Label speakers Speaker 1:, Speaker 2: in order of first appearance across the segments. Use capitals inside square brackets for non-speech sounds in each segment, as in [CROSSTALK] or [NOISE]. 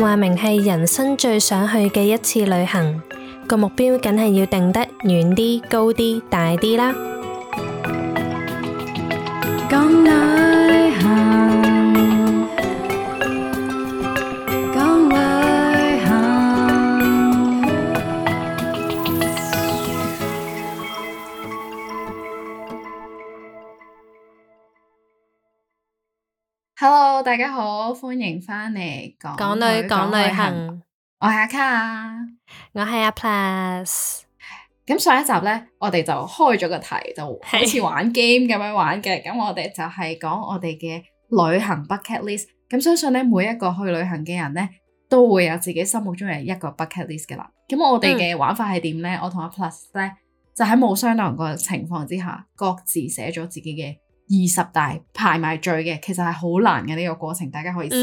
Speaker 1: 話明係人生最想去嘅一次旅行，個目標梗係要定得遠啲、高啲、大啲啦。.
Speaker 2: 大家好，歡迎翻嚟講旅講旅行。旅行。
Speaker 1: 我係阿卡，我係阿 Plus。
Speaker 2: 咁上一集咧，我哋就開咗個題，就好似玩 game 咁樣玩嘅。咁 [LAUGHS] 我哋就係講我哋嘅旅行 bucket list。咁相信咧，每一個去旅行嘅人咧，都會有自己心目中嘅一個 bucket list 噶啦。咁我哋嘅玩法係點咧？嗯。我同阿 Plus 咧，就喺冇商量個情況之下，各自寫咗自己嘅。二十大排埋序嘅，其實係好難嘅呢個過程，大家可以試下。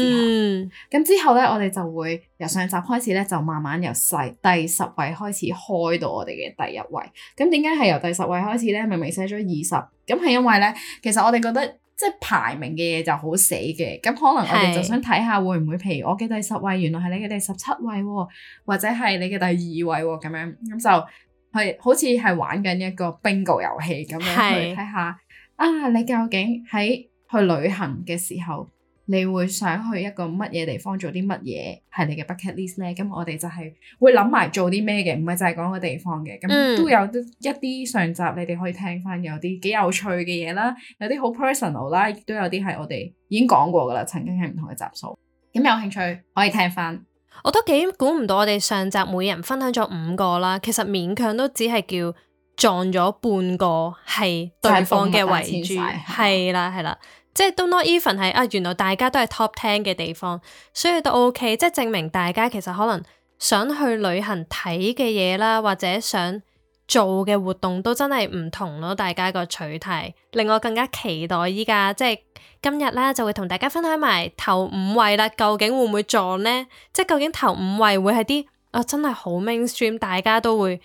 Speaker 2: 咁、嗯、之後呢，我哋就會由上集開始呢，就慢慢由細第十位開始開到我哋嘅第一位。咁點解係由第十位開始呢？明明寫咗二十，咁係因為呢，其實我哋覺得即係排名嘅嘢就好死嘅。咁可能我哋就想睇下會唔會譬如我嘅第十位原來係你嘅第十七位，哦，或者係你嘅第二位咁，哦、樣，咁就係好似係玩緊一個 bingo 遊戲咁樣是去睇下。啊！你究竟喺去旅行嘅時候，你會想去一個乜嘢地方做啲乜嘢？係你嘅 bucket list 咧？咁我哋就係會諗埋做啲咩嘅，唔係淨係講個地方嘅。咁都有一啲上集你哋可以聽翻，有啲幾有趣嘅嘢啦，有啲好 personal 啦，亦都有啲係我哋已經講過噶啦，曾經係唔同嘅集數。咁有興趣可以聽翻。
Speaker 1: 我都幾估唔到我哋上集每人分享咗五個啦，其實勉強都只係叫。撞咗半個係對方嘅位置，係啦係啦，即係都 not even 係啊！原來大家都係 top ten 嘅地方，所以都 OK，即係證明大家其實可能想去旅行睇嘅嘢啦，或者想做嘅活動都真係唔同咯。大家個取題令我更加期待，依家即係今日咧，就會同大家分享埋頭五位啦。究竟會唔會撞呢？即係究竟頭五位會係啲啊，真係好 mainstream，大家都會。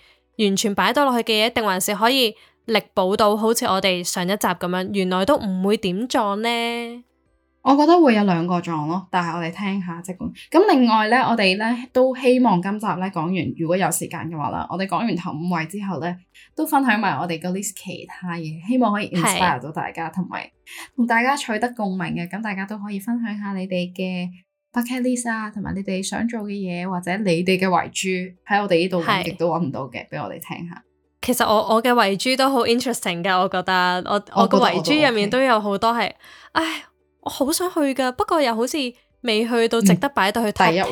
Speaker 1: 完全擺到落去嘅嘢，定還是可以力保到？好似我哋上一集咁樣，原來都唔會點撞呢。
Speaker 2: 我覺得會有兩個撞咯，但係我哋聽下即管。咁另外呢，我哋呢都希望今集呢講完，如果有時間嘅話啦，我哋講完頭五位之後呢，都分享埋我哋個 list 其他嘢，希望可以 inspire 到大家，同埋同大家取得共鳴嘅，咁大家都可以分享下你哋嘅 bucket list 啊，同埋你哋想做嘅嘢，或者你哋嘅遺珠喺我哋呢度亦都揾唔到嘅，俾是我哋聽下。
Speaker 1: 其實我我嘅遺珠都好 interesting 噶，我覺得我我個遺珠入面都有好多係，唉，我好想去噶，不過又好似未去到值得擺到去、嗯、第一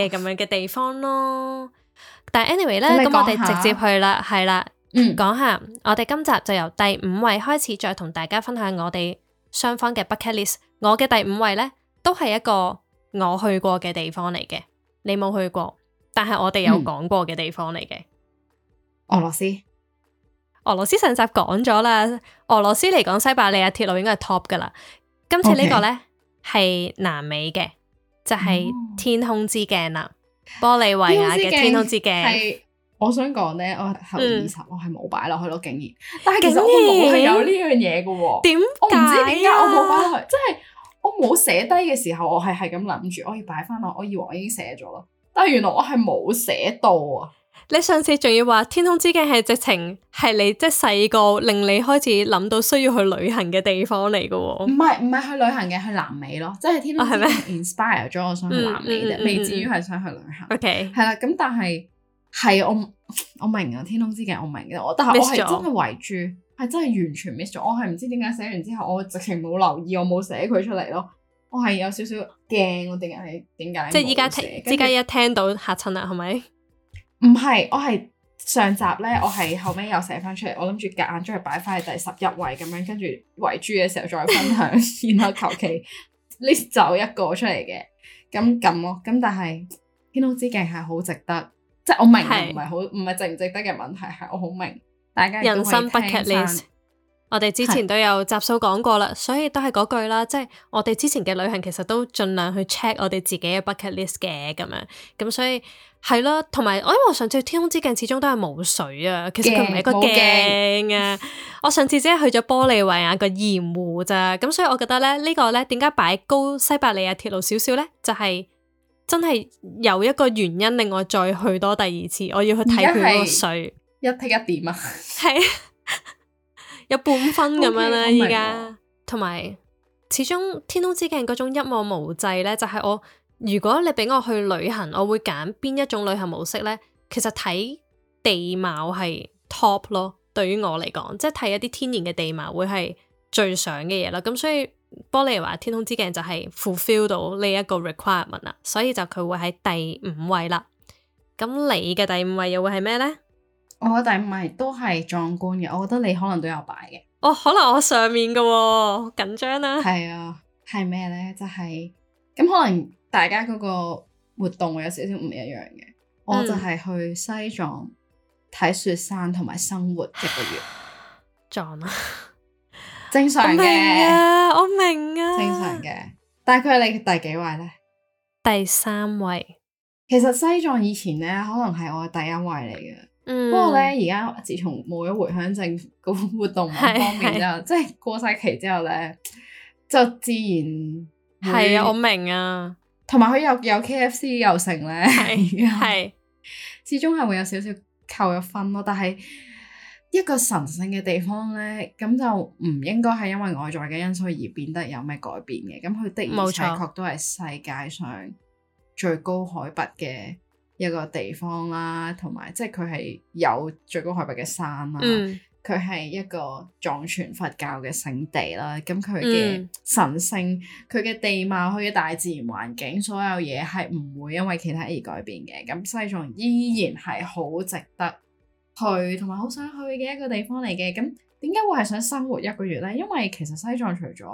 Speaker 1: 位嘅咁樣嘅地方咯。但係 anyway 咧，咁 [LAUGHS] 我哋直接去啦，係啦，了嗯，講下我哋今集就由第五位開始，再同大家分享我哋雙方嘅 bucket list。我嘅第五位呢，都係一個。我去過嘅地方嚟嘅，你冇去過，但係我哋有講過嘅地方嚟嘅、
Speaker 2: 嗯。俄羅斯，
Speaker 1: 俄羅斯上集講咗啦，俄羅斯嚟講西伯利亞鐵路應該係 top 噶啦。今次呢個呢，係 Okay. 南美嘅，就係、是、天空之鏡啦，
Speaker 2: 哦、玻利維亞嘅天空之鏡。我想講呢，我後面十、嗯、我係冇擺落去咯，竟然點。但係其實我冇係有呢樣嘢嘅喎，
Speaker 1: 點我唔知點解我冇擺落去，
Speaker 2: 即係。我冇寫低嘅時候，我係係咁諗住，我要擺翻落。我以為我已經寫咗啦，但係原來我係冇寫到啊！
Speaker 1: 你上次仲要話天空之鏡係直情係你即係細個令你開始諗到需要去旅行嘅地方嚟㗎喎？
Speaker 2: 唔係唔係去旅行嘅，去南美咯，即係天空之鏡 inspire 咗我想去南美啫，未至於係想去旅行。OK，係啦，咁但係係我我明啊，天空之鏡我明嘅，但係我但係我係真係圍住。係真係完全 miss 咗，我係唔知點解寫完之後，我直情
Speaker 1: 冇留意，我冇寫佢出嚟咯。
Speaker 2: 我係有少少
Speaker 1: 驚，我定係點解？即係依家聽，依家一聽到嚇親啦，係咪？
Speaker 2: 唔係，我係上集咧，我係後尾又寫翻出嚟，我諗住夾硬將佢擺翻喺第十一位咁樣，跟住圍住嘅時候再分享， [LAUGHS] 然後求其 list 就 [LAUGHS] 一個出嚟嘅。咁咁咯，咁但係天空之鏡係好值得，即係我明唔係
Speaker 1: 好，唔係是值唔值得
Speaker 2: 嘅問題，係我
Speaker 1: 好明。人生 bucket list， [MUSIC] 我哋之前都有集數講過啦，是所以都係嗰句啦，即、就、係、是、我哋之前嘅旅行其實都盡量去 check 我哋自己嘅 bucket list 嘅咁樣，咁所以係咯，同埋我因為我上次天空之鏡始終都係冇水啊，其實佢唔係一個鏡啊，鏡我上次只係去咗玻利維亞個鹽湖咋，咁所以我覺得咧呢、這個咧點解擺高西伯利亞鐵路少少咧，就係、是、真係有一個原因令我再去多第二次，我要去睇佢個水。一撇一點啊，係 [LAUGHS] [LAUGHS] 有半分咁樣啦 Okay, 在。而家同埋，始終天空之鏡嗰種一望無際呢，就係、是、我如果你俾我去旅行，我會揀邊一種旅行模式呢？其實睇地貌係 top 咯，對於我嚟講，即係睇一啲天然嘅地貌會係最想嘅嘢啦。咁所以，玻利維亞天空之鏡就係 fulfill 到呢一個 requirement 啦，所以就佢會喺第五位啦。咁你嘅第五位又會係咩呢？我嘅第五位
Speaker 2: 都係壯觀嘅，我覺得
Speaker 1: 你可能都有擺嘅。哦，可能我上面嘅，哦，好緊
Speaker 2: 張啦。係啊，係咩咧？就係、是、咁，可能大家嗰個活動會有少少唔一樣嘅。我就係去西藏睇雪山同
Speaker 1: 埋生活一個月。壯、嗯、啊！ [LAUGHS] 正常嘅、啊，我明啊，正常嘅。但係佢係你第幾位咧？第三位。
Speaker 2: 其實西藏以前咧，可能係我嘅第一位嚟嘅。
Speaker 1: 不過咧，而家、
Speaker 2: 嗯、自從冇咗回鄉證個活動唔方便之，之即係過晒期之後咧，就自然
Speaker 1: 係啊，我明啊，
Speaker 2: 同埋佢又有 K F C 又成咧，係是，始終係會有少少扣咗分咯。但係一個神聖嘅地方咧，咁就唔應該係因為外在嘅因素而變得有咩改變嘅。咁佢的的確確都係世界上最高海拔嘅。一個地方啦，同埋即係佢係有最高海拔嘅山啦，佢係、嗯、一個藏傳佛教嘅聖地啦。咁佢嘅神聖，佢嘅、嗯、地貌，佢嘅大自然環境，所有嘢係唔會因為其他而改變嘅。咁西藏依然係好值得去，同埋好想去嘅一個地方嚟嘅。咁點解會係想生活一個月呢？因為其實西藏除咗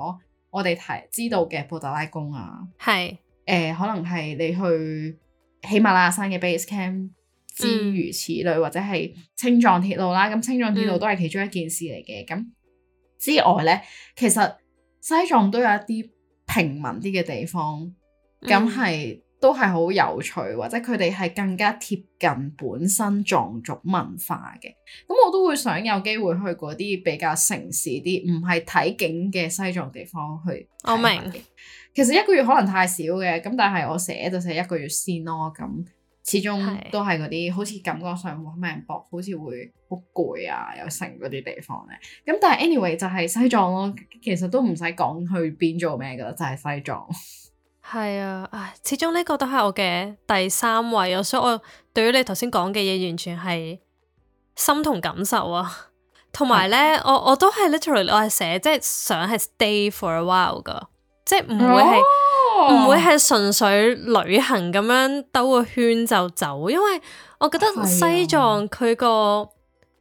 Speaker 2: 我哋提知道嘅布達拉宮啊，係誒是、呃，可能係你去。喜馬拉雅山嘅 base camp，諸如此類，嗯、或者係青藏鐵路啦。咁、嗯、青藏鐵路都係其中一件事嚟嘅。咁之外咧，其實西藏都有一啲平民啲嘅地方，咁係、嗯、都係好有趣，或者佢哋係更加貼近本身藏族文化嘅。咁我都會想有機會去嗰啲比較城市啲，唔係睇景嘅西藏地方去。我明。其實一個月可能太少嘅，咁但係我寫就寫一個月先咯。咁始終都係嗰啲，的好似感覺上 [MUSIC] 好難博，好似會好攰啊，有剩嗰啲地方咧。咁但係 anyway 就係西藏咯，其實都唔使講去邊做咩噶就係西藏。
Speaker 1: 係 [LAUGHS] 啊，唉，始終呢個都係我嘅第三位啊，所以我對於你頭先講嘅嘢，完全係心同感受啊。同埋咧，我，我都係 literally 我係寫即係想係 stay for a while 噶。即係唔會係唔、Oh, 會係純粹旅行咁樣兜個圈就走，因為我覺得西藏佢個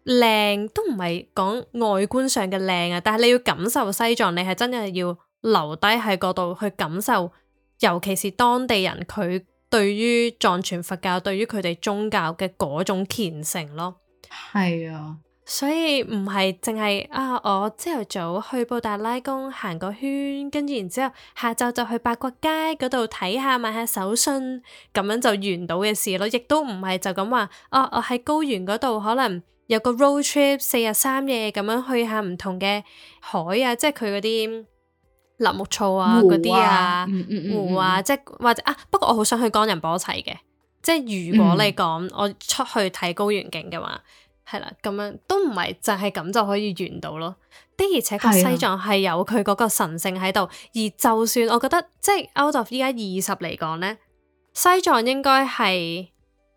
Speaker 1: 靚都唔係講外觀上嘅靚啊，但係你要感受西藏，你係真係要留低喺嗰度去感受，尤其是當地人，佢對於藏傳佛教、對於佢哋宗教嘅嗰種虔誠咯，係啊。所以唔係淨係啊！我朝頭早去布達拉宮行個圈，跟住然之後下晝就去八角街嗰度睇下買下手信，咁樣就完到嘅事咯。亦都唔係就咁話哦，哦我喺高原嗰度可能有個 road trip 四日三夜咁樣去下唔同嘅海啊，即係佢嗰啲納木措啊嗰啲啊湖啊，即係或者啊。不過我好想去岡仁波齊嘅，即係如果你講、嗯、我出去睇高原景嘅話。係啦，咁樣都唔係就係咁就可以完到咯。的而且確西藏係有佢嗰個神聖喺度，的而就算我覺得即係 out of 依家二十嚟講咧，西藏應該係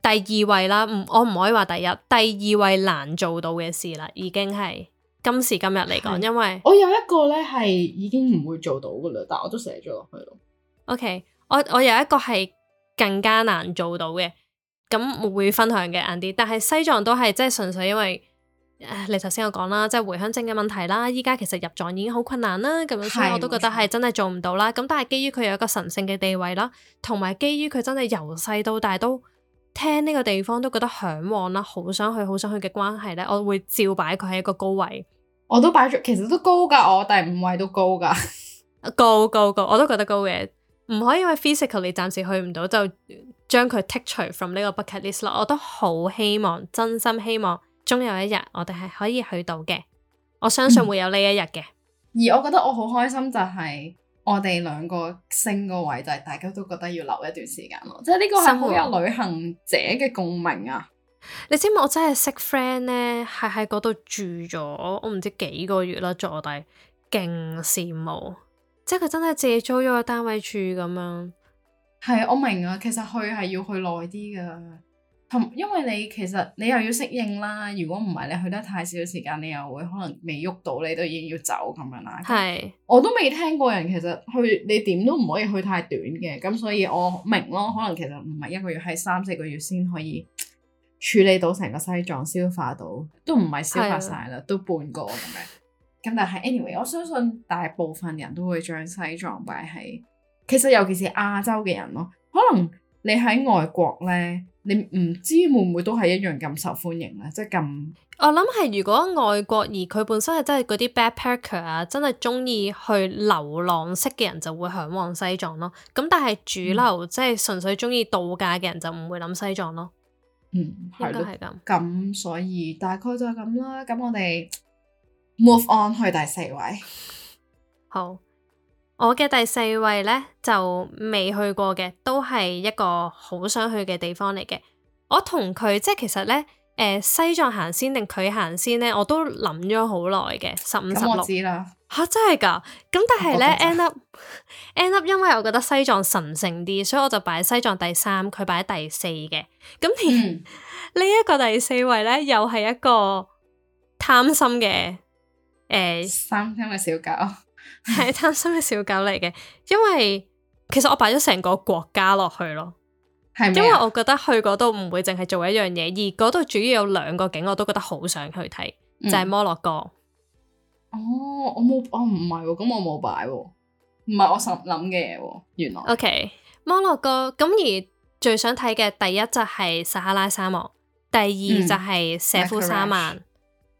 Speaker 1: 第二位啦。唔，我唔可以話第一，第二位難做到嘅事啦，已經係今時今日嚟講，的因為
Speaker 2: 我有一個咧係已經唔會做到噶啦，但係我都寫咗落去咯。
Speaker 1: OK，我我有一個係更加難做到嘅。咁會分享嘅啱啲。但係西藏都係即係純粹因為誒，你頭先我講啦，即係回鄉證嘅問題啦，依家其實入藏已經好困難啦，咁是所以我都覺得係真係做唔到啦。咁錯但係基於佢有一個神聖嘅地位啦，同埋基於佢真係由細到大都聽呢個地方都覺得嚮往啦，好想去，好想去嘅關係咧，我會照擺佢喺一個高位。我都擺住，其實都高噶，我第五位都高噶，高高高，我都覺得高嘅，唔可以因為 physical 你暫時去唔到就。將佢剔除 from 呢個 bucket list 咯，我都好希望，真心希望，終有一日我哋係可以去到嘅，我相信會有呢一日嘅。嗯。
Speaker 2: 而我覺得我好開心就係我哋兩個升個位，就係大家都覺得要留一段時間咯，即係呢個係好有旅行者嘅共鳴啊！
Speaker 1: 活你知唔知我真係識 friend 咧，係喺嗰度住咗，我唔知幾個月啦，坐底，勁羨慕，即係佢真係自己租咗個單位住咁樣。係，我明㗎。其實去係
Speaker 2: 要去耐啲㗎，同因為你其實你又要適應啦。如果唔係你去得太少時間，你又會可能未喐到，你都已經要走咁樣啦。
Speaker 1: 係的，我都未聽
Speaker 2: 過人其實去你點都唔可以去太短嘅。咁所以我明咯，可能其實唔係一個月，係三四個月先可以處理到成個西藏，消化到都唔係消化晒啦，的都半個咁樣。咁但係 anyway，我相信大部分人都會將西藏擺喺。其實尤其是亞洲嘅人咯，可能你喺外國咧，你唔知會唔會都係一樣咁受歡迎咧，即係咁。
Speaker 1: 我諗係如果外國而佢本身係真係嗰啲 backpacker 啊，真係中意去流浪式嘅人就會向往西藏咯。咁但係主流即係純粹中意度假嘅人就唔會諗西藏咯。嗯，係咯，應
Speaker 2: 該係咁。咁所以大概就係咁啦。咁我哋 move on 去第四
Speaker 1: 位。好。我嘅第四位呢，就未去過嘅，都係一個好想去嘅地方嚟嘅。我同佢即係其實呢，誒、呃、西藏行先定佢行先呢，我都諗咗好耐嘅。十五十六，吓，真係噶，咁但係呢 end up end up，因為我覺得西藏神聖啲，所以我就擺西藏第三，佢擺第四嘅。咁呢一個第四位呢，又係一個貪心嘅誒，貪心嘅小狗。係貪 [LAUGHS] 心嘅小狗嚟嘅，因為其實我擺咗成個國家落去咯，
Speaker 2: 因為我
Speaker 1: 覺得去嗰度唔會淨係做一樣嘢，而嗰度主要有兩個景，我都覺得好想去睇，嗯、就係摩洛哥。
Speaker 2: 哦，我冇，哦啊、我唔係咁，我冇擺，唔
Speaker 1: 係我想諗嘅嘢。原來 OK 摩洛哥咁，而最想睇嘅第一就係撒哈拉沙漠，第二就係舍夫沙曼，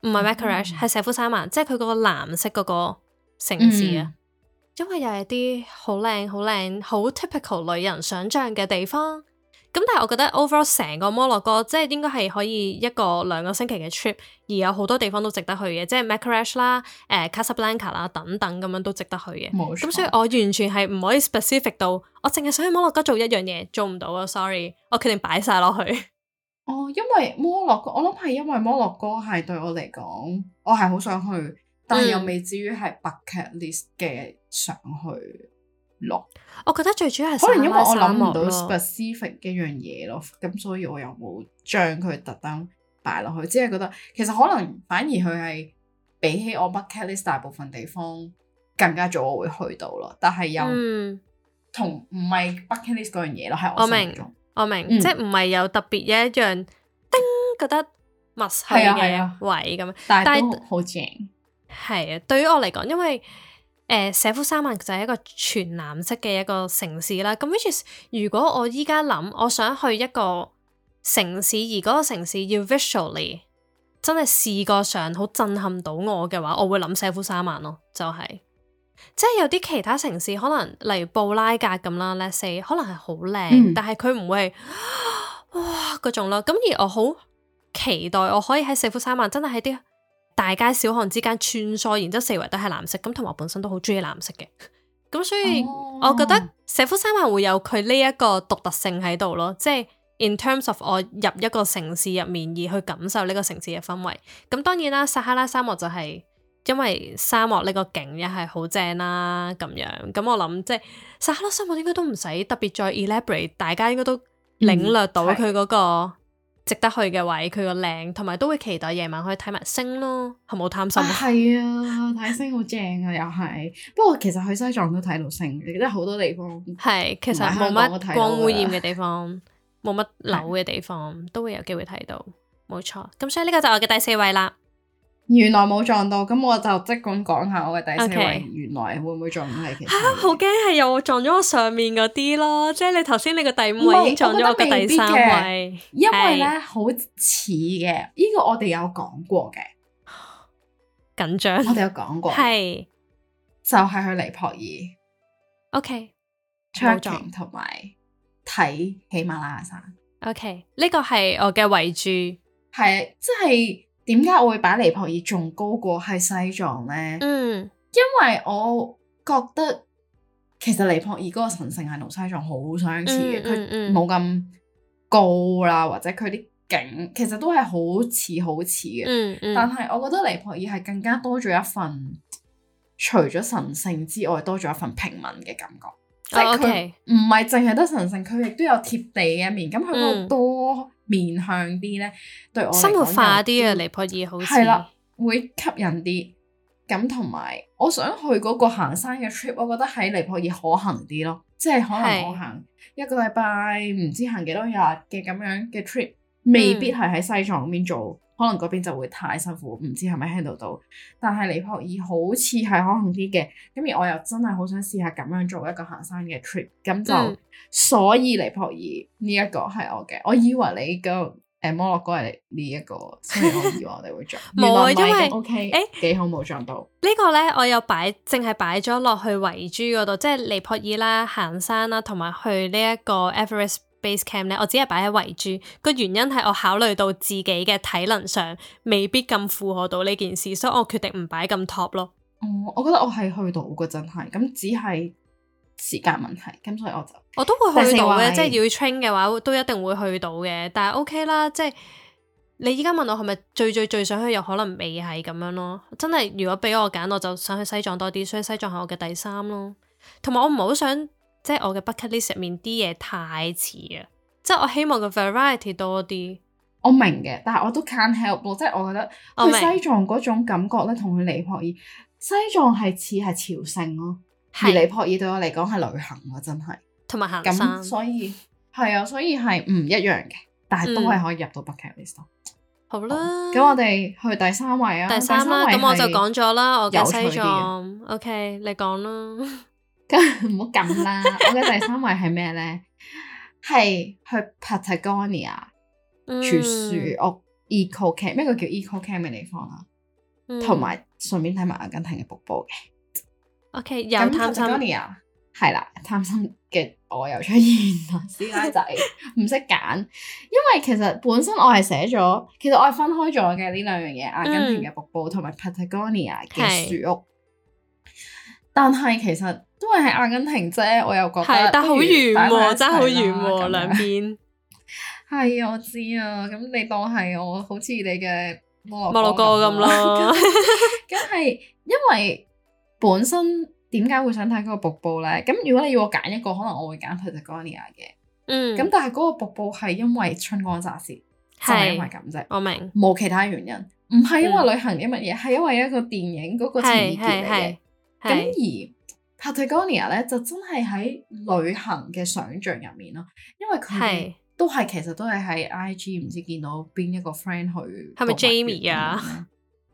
Speaker 1: 唔係 Marrakech 係舍夫沙曼，即係佢嗰個藍色嗰個城市啊，嗯、因為又係啲好靚、好靚、好 typical 女人想象嘅地方。咁但係我覺得 overall 成個摩洛哥，即係應該係可以一個兩個星期嘅 trip，而有好多地方都值得去嘅，即係 Marrakesh 啦、誒、呃、Casablanca 啦，等等咁樣都值得去嘅。冇錯。咁所以我完全係唔可以 specific 到，我淨係想去摩洛哥做一樣嘢，做唔到啊！Sorry，我決定擺晒落去。
Speaker 2: 哦，因為摩洛哥，我諗係因為摩洛哥係對我嚟講，我係好想去。但係又未至於係 bucket list 嘅上去落，我覺得最主要係可能因為我諗唔到 specific 一樣嘢咯，咁、嗯、所以我又冇將佢特登擺落去，只、就、係、是、覺得其實可能反而佢係比起我 bucket list 大部分地方更加早我會去到咯，但係又同唔係 bucket list 嗰樣嘢咯，喺我心中，我明，我明，
Speaker 1: 我明，嗯、即係唔係有特別有一樣叮，叮覺得密係啊係啊位咁樣，但係好正。但係啊，對於我嚟講，因為誒，舍、呃、夫沙曼就係一個全藍色嘅一個城市啦。咁 which is, 如果我依家諗，我想去一個城市，而嗰個城市要 visually 真係視覺上好震撼到我嘅話，我會諗舍夫沙曼咯。就係、是、即係有啲其他城市可能例如布拉格咁啦 let's say 可能係好靚，mm hmm. 但係佢唔會哇嗰種咯。咁而我好期待我可以喺舍夫沙曼真係喺啲。大街小巷之間穿梭，然之後四圍都係藍色，咁同埋我本身都好中意藍色嘅，咁所以、oh. 我覺得舍夫沙萬會有佢呢一個獨特性喺度咯，即係 in terms of 我入一個城市入面而去感受呢個城市嘅氛圍。咁當然啦，撒哈拉沙漠就係因為沙漠呢個景一係好正啦咁樣，咁我諗即係撒哈拉沙漠應該都唔使特別再 elaborate，大家應該都
Speaker 2: 領略到佢
Speaker 1: 嗰個、嗯。值得去嘅位，佢個靚，同埋都會期待夜晚可以睇埋星咯，係咪好貪心啊？係啊，睇星好正啊，又係。不過其實去西
Speaker 2: 藏都睇到星，你覺
Speaker 1: 得好多地方。係， [LAUGHS] 其實冇乜光污染嘅地方，冇乜樓嘅地方，地方 [LAUGHS] 都會有機會睇到。冇錯，咁所以呢個就係我嘅第四位啦。
Speaker 2: 原來冇撞到，咁我就即管講下我嘅第四位。Okay. 原來會唔會撞唔係？其實，
Speaker 1: 吓，好驚，係又撞咗我上面嗰啲咯，即係你頭先你個第五位已經撞咗我，我，我第三位，因為咧好似嘅，呢
Speaker 2: 個我哋有講過嘅緊
Speaker 1: 張，緊張我哋有講過，係
Speaker 2: 就係去尼泊爾，OK，創作同埋睇喜馬拉雅
Speaker 1: 山。OK，呢個係我嘅維柱，係即係。點解我會把
Speaker 2: 尼泊爾仲高過喺西藏呢？嗯，因為我覺得其實尼泊爾嗰個神聖係同西藏好相似嘅，佢冇咁高啦，或者佢啲景其實都係好似好似嘅。嗯嗯，但係我覺得尼泊爾係更加多咗一份，除咗神聖之外，多咗一份平民嘅感覺，即係佢唔係淨係得神聖，佢亦都有貼地嘅一面。咁佢好多，嗯。面向啲咧，對我生活化啲啊，尼泊爾好係啦， [MUSIC] 會吸引啲。咁同埋，我想去嗰個行山嘅 trip，我覺得喺尼泊爾可行啲咯，即係可能我行一個禮拜，唔知行幾多日嘅咁樣嘅 trip，未必係喺西藏嗰邊做。嗯可能嗰邊就會太辛苦，唔知係咪 handle 到。但係尼泊爾好似係可行啲嘅，咁而我又真係好想試下咁樣做一個行山嘅 trip，咁就所以尼泊爾呢一個係我嘅。我以為你個誒、欸、摩洛哥係呢一個，所以我以為我哋會撞，冇 [LAUGHS] 因為誒 okay,、欸、幾好冇撞到
Speaker 1: 個呢個咧，我有擺淨係擺咗落去圍珠嗰度，即係尼泊爾啦、行山啦，同埋去呢一個 Everest。Base camp 咧，我只係擺喺圍住。個原因係我考慮到自己嘅體能上未必咁負荷到呢件事，所以我決定唔擺咁 top 咯。
Speaker 2: 哦，我覺得我係去到嘅，真係咁只係時間問題，咁所以我就我都會去到嘅，是是即係要
Speaker 1: train 嘅話都一定會去到嘅。但係 OK 啦，即係你依家問我係咪最,最最最想去，又可能未係咁樣咯。真係如果俾我揀，我就想去西藏多啲，所以西藏係我嘅第三咯。同埋我唔係好想。即係我嘅 bucket list 面啲嘢太似啊！即係我希望個 variety 多啲。我明嘅，但係我都 can’t help，即係我覺得去西
Speaker 2: 藏嗰種感覺咧，同去尼泊爾，西藏係似係朝聖咯、啊，是而尼泊爾對我嚟講係旅行咯、啊，真係。同埋行山，所以係啊，所以係唔一樣嘅，但係都係可以入到 bucket list、嗯。
Speaker 1: 好啦，咁吧我哋去
Speaker 2: 第三位啊，第三啦、啊，咁我就講咗啦，我嘅西藏。
Speaker 1: OK，你講啦。
Speaker 2: 唔好咁啦！ [LAUGHS] 我嘅第三位係咩咧？係去 Patagonia 住樹屋 Eco Camp，咩叫 Eco Camp 嘅地方啊？
Speaker 1: 同埋
Speaker 2: 順便睇埋阿根廷嘅瀑布嘅。
Speaker 1: O K，又貪心
Speaker 2: 啊！係啦，貪心嘅我又出現啦，師奶仔唔識揀，因為其實本身我係寫咗，其實我係分開咗嘅呢兩樣嘢：阿根廷嘅瀑布同埋 Patagonia 嘅樹屋。嗯、但係其實。因為係阿根廷啫，我又覺得，但好遠喎，真係好遠喎，兩邊係啊，我知啊，咁你當係我好似你嘅摩洛哥咁咯，咁係因為本身點解會想睇嗰個瀑布咧？咁如果你要我揀一個，可能我會揀 Patagonia 嘅，嗯，咁但係嗰個瀑布係因為春光乍泄，就
Speaker 1: 係因為咁
Speaker 2: 啫，我明，冇其他原因，唔係因為旅行啲乜嘢，係因為一個電影嗰個情節嚟嘅，咁而。Patagonia 呢就真係喺旅行嘅想象入面咯，因為佢都係是其實都係喺 IG 唔知見到邊一個 friend 去，係咪 Jamie 啊？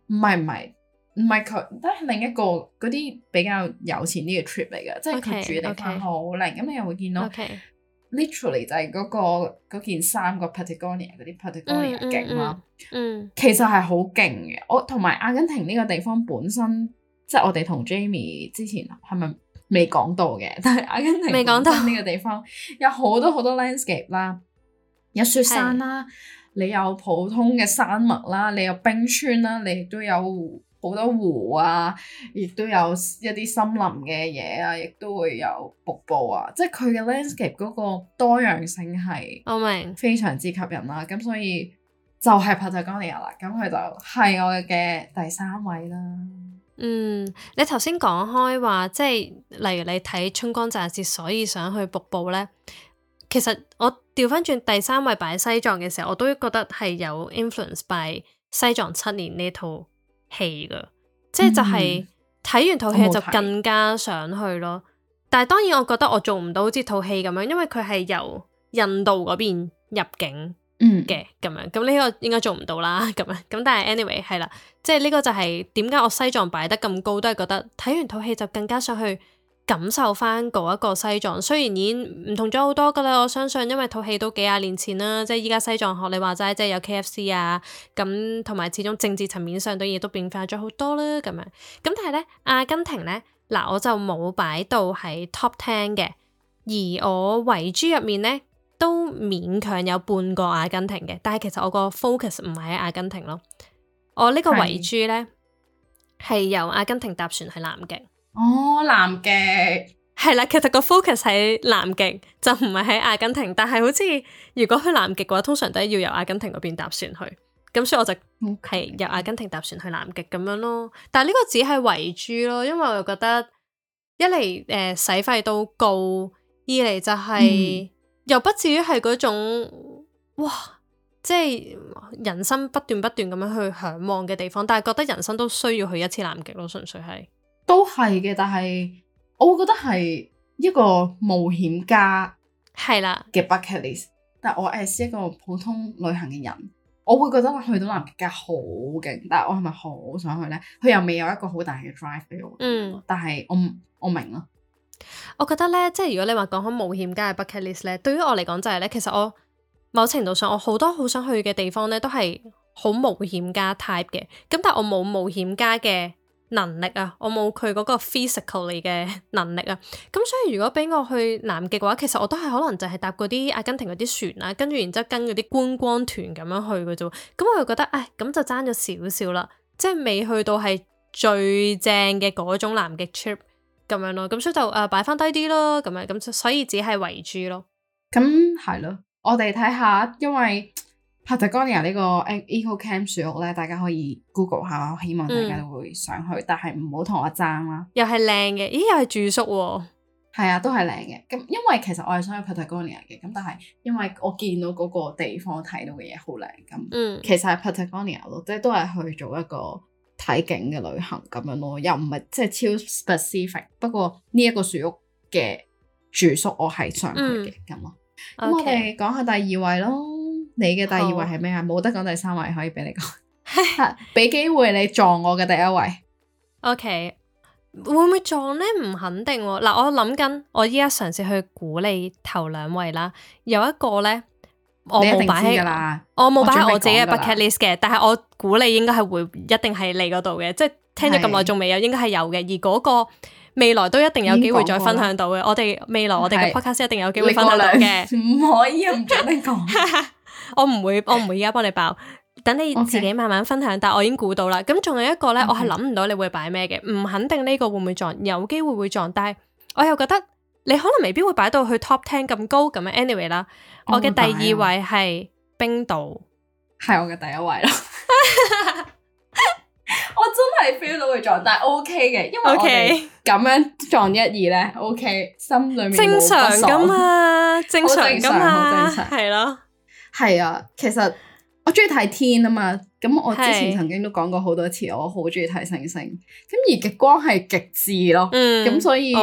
Speaker 2: 唔係唔係唔係佢，都係另一個嗰啲比較有錢啲嘅 trip 嚟嘅，即係佢住嘅地方好靚，咁 Okay, okay. 你又會見到 Okay. literally 就係嗰、嗰個件衫、嗰個 Patagonia 嗰啲 Patagonia 景啦、嗯嗯。嗯，其實係好勁嘅，我同埋阿根廷呢個地方本身。即係我哋同 Jamie 之前係咪未講到嘅？但係阿根廷本身呢個地方有好多好多 landscape 啦，有雪山啦，是你有普通嘅山脈啦，你有冰川啦，你亦都有好多湖啊，亦都有一啲森林嘅嘢啊，亦都會有瀑布啊，即係佢嘅 landscape 嗰個多樣性係我明非常之吸引啦。咁、oh、my，所以就係 Patagonia 啦，咁佢就係我嘅第三位啦。
Speaker 1: 嗯，你頭先講開話，即係例如你睇《春光乍泄》，所以想去瀑布呢。其實我調翻轉第三位擺喺西藏嘅時候，我都覺得係有 influence by 西藏七年呢套戲噶，即係就係，嗯，睇完套戲就更加想去咯。但係當然，我覺得我做唔到好似套戲咁樣，因為佢係由印度嗰邊入境。嗯嘅咁樣，咁呢個應該做唔到啦，咁樣，咁但係 anyway 係啦，即係呢個就係點解我西藏擺得咁高，都係覺得睇完套戲就更加想去感受翻嗰一個西藏。雖然已經唔同咗好多噶啦，我相信因為套戲都幾廿年前啦，即係依家西藏學你話齋，即係有 KFC 啊，咁同埋始終政治層面上都嘢都變化咗好多啦，咁樣，咁但係呢，阿根廷呢，嗱，我就冇擺到喺 top ten 嘅，而我遺珠入面呢。都勉強有半個阿根廷嘅，但係其實我個 focus 唔係喺阿根廷咯。我呢個圍珠呢，係是由阿根廷搭船去南極。
Speaker 2: 哦，南
Speaker 1: 極係啦，其實個 focus 喺南極，就唔係喺阿根廷。但係好似如果去南極嘅話，通常都係要由阿根廷嗰邊搭船去。咁所以我就係由阿根廷搭船去南極咁樣咯。Okay. 但係呢個只係圍珠咯，因為我覺得一嚟誒、呃、使費都高，二嚟就係、嗯。又不至於係嗰種哇，即係人生不斷不斷咁樣去向往嘅地方，但係覺得人生都需要去一次南極咯，純粹係都係嘅。但係我會覺得
Speaker 2: 係一個冒險家係啦嘅 bucket list，的但係我係一個普通旅行嘅人，我會覺得我去到南極嘅係好勁，但係我係咪好想去呢？佢又未有一個好大嘅 drive 俾、嗯、我，嗯，但係我我明咯。
Speaker 1: 我覺得呢，即係如果你話講開冒險家嘅 bucket list 呢，對於我嚟講就係呢。其實我某程度上我好多好想去嘅地方呢，都係好冒險家 type 嘅，咁但係我冇冒險家嘅能力啊，我冇佢嗰個 physical 嚟嘅能力啊，咁所以如果俾我去南極嘅話，其實我都係可能就係搭嗰啲阿根廷嗰啲船啦，啊，跟住然之後跟嗰啲觀光團咁樣去嘅啫，咁我就覺得，唉，咁就爭咗少少啦，即係未去到係最正嘅嗰種南極 trip。咁樣咯，咁所以就誒擺翻低啲咯，咁樣咁所以只係圍住咯。
Speaker 2: 咁係咯，我哋睇下，因為 Patagonia 呢個 Eco Camp 樹屋咧，大家可以 Google 下，希望大家都會上去，嗯、但係唔好同我爭啦。
Speaker 1: 又係靚嘅，咦？又係住宿
Speaker 2: 喎，係啊，都係靚嘅。咁因為其實我係想去 Patagonia 嘅，咁但係因為我見到嗰個地方睇到嘅嘢好靚，咁嗯，其實係 Patagonia 咯，即係都係去做一個。睇景嘅旅行咁樣咯，又唔係即係超 specific。不過呢一個樹屋嘅住宿，我係想去嘅咁咯。咁、嗯、我哋講下第二位咯，嗯、你嘅第二位係咩啊？冇好得講第三位，可以俾你講，俾機、 [LAUGHS] 啊、會你
Speaker 1: 撞我嘅第一位。 [LAUGHS] OK，會唔會撞呢？唔肯定、啊。嗱，我諗緊，我依家嘗試去估你頭兩位啦。有一個呢。
Speaker 2: 我冇擺嘅，我冇擺我自己嘅 bucket
Speaker 1: list 嘅，但係我估你應該係會一定係你嗰度嘅，即係聽咗咁耐仲未有，應該係有嘅，而嗰個未來都一定有機會再分享到嘅。我哋未來我哋嘅 podcast Okay, 一定有機會分享到嘅。唔可以唔准你講 [LAUGHS] 我唔會我唔會依家幫你爆， [LAUGHS] 等你自己慢慢分享。但我已經估到啦，咁仲 Okay. 有一個咧，Okay. 我係諗唔到你會擺咩嘅，唔肯定呢個會唔會撞，有機會會撞，但係我又覺得。你可能未必會擺到去 top ten 咁高咁樣，anyway 啦。我嘅第二位係冰島，係我嘅第一位咯。
Speaker 2: [LAUGHS] [LAUGHS] 我真係 feel 到佢撞，但係 OK 嘅，因為我哋
Speaker 1: 咁樣撞一二咧
Speaker 2: ，OK。心裏面正常嘛，正常啊，係、啊、是咯，係啊。其實我中意睇天啊嘛，咁我之前曾經都講過好多次，我好中意睇星星。咁的而極光係極致咯，嗯，咁所以。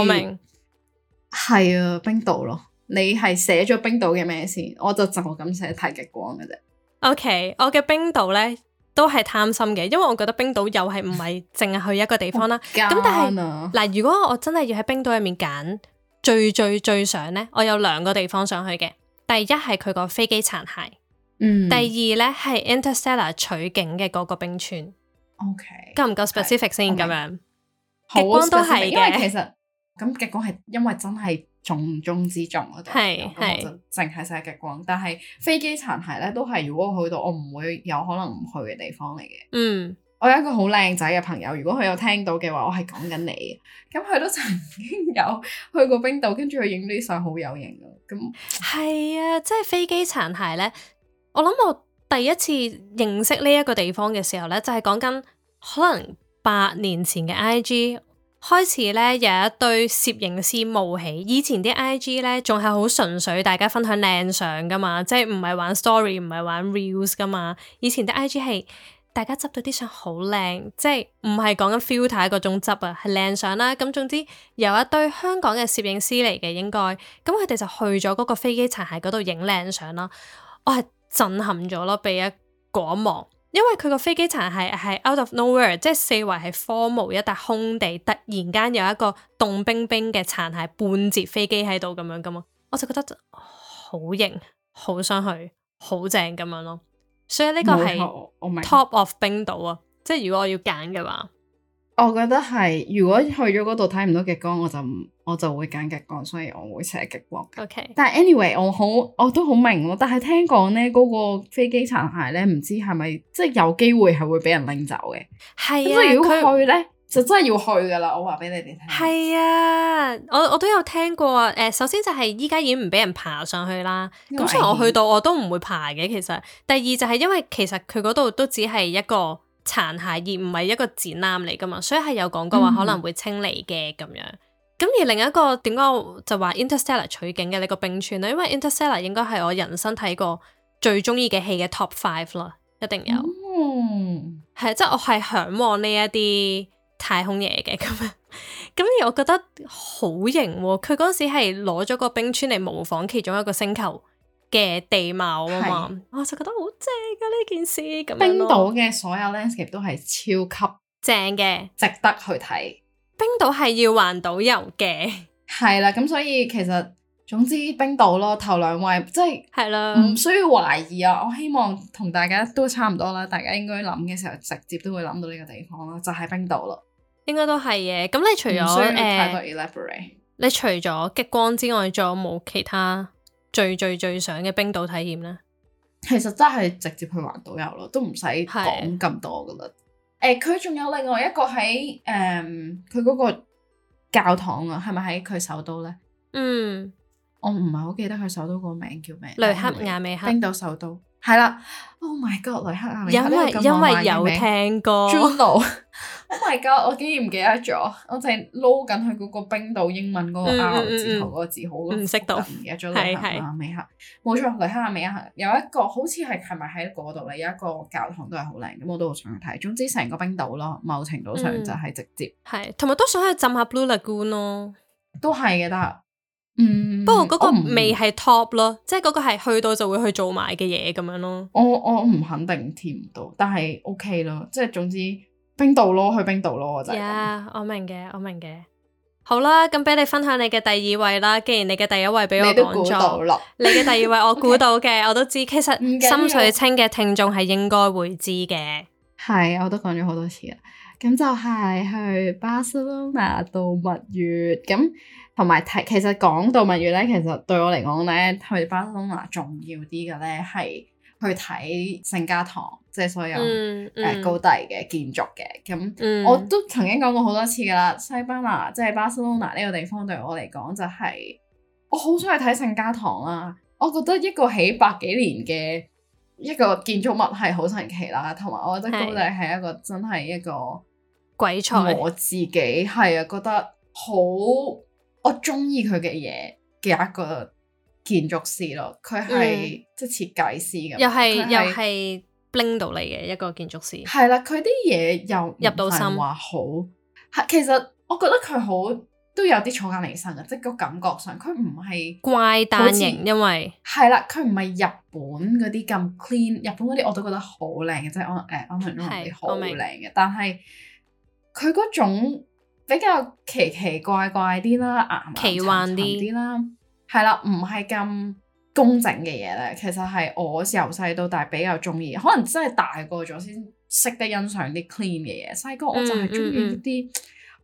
Speaker 2: 係啊，冰島咯，你係寫咗冰島嘅咩先？我就就咁寫太極光嘅啫。
Speaker 1: O、okay, K，我嘅冰島咧都係貪心嘅，因為我覺得冰島又係唔係淨係去一個地方啦。咁、嗯、但係嗱、啊，如果我真係要喺冰島入面揀最最最想咧，我有兩個地方想去嘅。第一係佢個飛機殘骸，嗯。
Speaker 2: 第二
Speaker 1: 咧係 Interstellar 取景嘅嗰個冰川。O K，夠唔夠 specific 先咁 okay, okay, 樣？極 I mean. 光都係嘅，因為其實。
Speaker 2: 咁極光係因為真係重中之重嗰度，係係淨係晒極光。係但係飛機殘骸咧，都係如果我去到我唔會有可能唔去嘅地方嚟嘅。嗯，我有一個好靚仔嘅朋友，如果佢有聽到嘅話，我係講緊你。咁佢都曾經有去過冰島，跟住佢影呢相好有型啊！咁
Speaker 1: 係啊，即係飛機殘骸咧。我諗我第一次認識呢一個地方嘅時候咧，就係講緊可能八年前嘅 IG。開始呢有一堆攝影師冒起，以前啲 I G 呢仲係好純粹大家分享靚相㗎嘛，即係唔係玩 story，唔係玩 reels 㗎嘛。以前啲 I G 係大家執到啲相好靚，即係唔係講緊 filter 嗰種執啊，係靚相啦。咁總之有一對香港嘅攝影師嚟嘅應該，咁佢哋就去咗嗰個飛機殘骸嗰度影靚相啦。我係震撼咗咯，俾一趕望。因為佢個飛機殘骸係 out of nowhere，即係四圍係荒蕪一笪空地，突然間有一個凍冰冰嘅殘骸半截飛機喺度咁樣噶嘛，我就覺得好型，好想去，好正咁樣咯。所以呢個係 top of 冰島啊，即係如果我要揀嘅話。
Speaker 2: 我覺得係，如果去咗嗰度睇唔到極光，我就我就會揀極光，所以我會寫極光。OK，但係 anyway，我好我都好明咯。但係聽講咧，嗰個飛機殘骸咧，唔知係咪即係有機會係會俾人拎走嘅。
Speaker 1: 係啊，如果去咧，佢
Speaker 2: 就真係要去㗎啦。我話俾你哋聽。
Speaker 1: 係啊，我我都有聽過誒、呃。首先就係依家已經唔俾人爬上去啦。咁為所以我去到我都唔會爬嘅。其實第二就係因為其實佢嗰度都只係一個。殘骸而唔係一個展覽嚟噶嘛，所以係有講過話可能會清理嘅咁樣。咁、嗯、而另一個點解我就話 Interstellar 取景嘅呢、這個冰川咧？因為 Interstellar 應該係我人生睇過最中意嘅戲嘅 Top Five 咯，一定有。嗯，係即係我係向往呢一啲太空嘢嘅咁樣。咁 [LAUGHS] 而我覺得好型喎，佢嗰時係攞咗個冰川嚟模仿其中一個星球。嘅地貌啊嘛，的我就覺得好正噶、啊、呢件事咁冰島嘅所有 landscape 都係超級正嘅的，值得去睇。冰島係要環島遊嘅，
Speaker 2: 係啦。咁所以其實總之冰島咯，頭兩位即係係啦，唔需要懷疑啊。我希望同大家都差唔多啦，大家應該諗嘅時候直接都會諗到呢個地
Speaker 1: 方啦，就係、是、冰島啦。應該都係嘅。咁你除咗誒、呃，你除咗極光之外，仲有冇其他？最最最想嘅冰島體驗咧，其實真係直接去環島遊咯，都唔使講咁多噶啦。誒的，佢
Speaker 2: 仲、欸、有另外一個喺誒，佢、嗯、嗰個教堂啊，係咪喺佢首都咧？嗯，我唔係好記得佢首都個名叫咩？雷克雅美克，冰島首都係啦。Oh my God！雷克雅美克，因為因為有聽過。 [LAUGHS] Oh my god！我竟然唔記得咗，我淨係撈緊佢嗰個冰島英文嗰個 R 字頭嗰個字好，唔識到唔記得咗啦，哈密克，冇錯，嚟哈密克有一個好似係係咪喺嗰度咧？有一個教堂都係好靚，咁我都好想睇。總之成個冰島咯，某程度上就係直接
Speaker 1: 係，同埋、嗯、都想去浸下 Blue Lagoon 咯，都係嘅，但係，嗯，不過嗰個未係 top 咯，不即係嗰個係去到就會去做埋嘅嘢咁樣咯。
Speaker 2: 我我唔肯定甜唔到，但係 OK 咯，即係總之。總之
Speaker 1: 冰島咯，去冰島咯，yeah, 樣我就。呀，我明嘅，我明嘅。好啦，咁俾你分享你嘅第二位啦。既然你嘅第一位俾我估到，啦， [LAUGHS] 你嘅第二位我估到嘅，我都知。其實心水清嘅聽眾係應該會知嘅。
Speaker 2: 係，我都講咗好多次啦。咁就係去巴塞隆那度蜜月，咁同埋提，其實講度蜜月咧，其實對我嚟講咧，去巴塞隆那重要啲嘅咧係。去睇聖家堂，即係所有誒、嗯嗯呃、高第嘅建築嘅。咁、嗯、我都曾經講過好多次㗎啦。西班牙即係巴塞羅那呢個地方對我嚟講就係、是、我好想去睇聖家堂啦。我覺得一個起百幾年嘅一個建築物係好神奇啦，同埋我覺得高第係一個是真係一個鬼才菜。我自己係啊，覺得好我中意佢嘅嘢嘅一個。建築師咯，佢係即設計師咁，又係又係
Speaker 1: Blind 嚟嘅一個建築師。係
Speaker 2: 啦，佢啲嘢又入到心話好。係其實我覺得佢好都有啲坐間離身嘅，即個感覺上佢唔係怪誕型，像因為係啦，佢唔係日本嗰啲咁 clean。日本嗰啲我都覺得好靚嘅，即安誒安藤忠雄嗰啲好靚嘅，嗯、但係佢嗰種比較奇奇怪怪啲啦，奇幻殘啲啦。係啦，唔係咁工整嘅嘢咧，其實係我由細到大比較中意，可能真係大個咗先識得欣賞啲 clean 嘅嘢。細個我就係中意一啲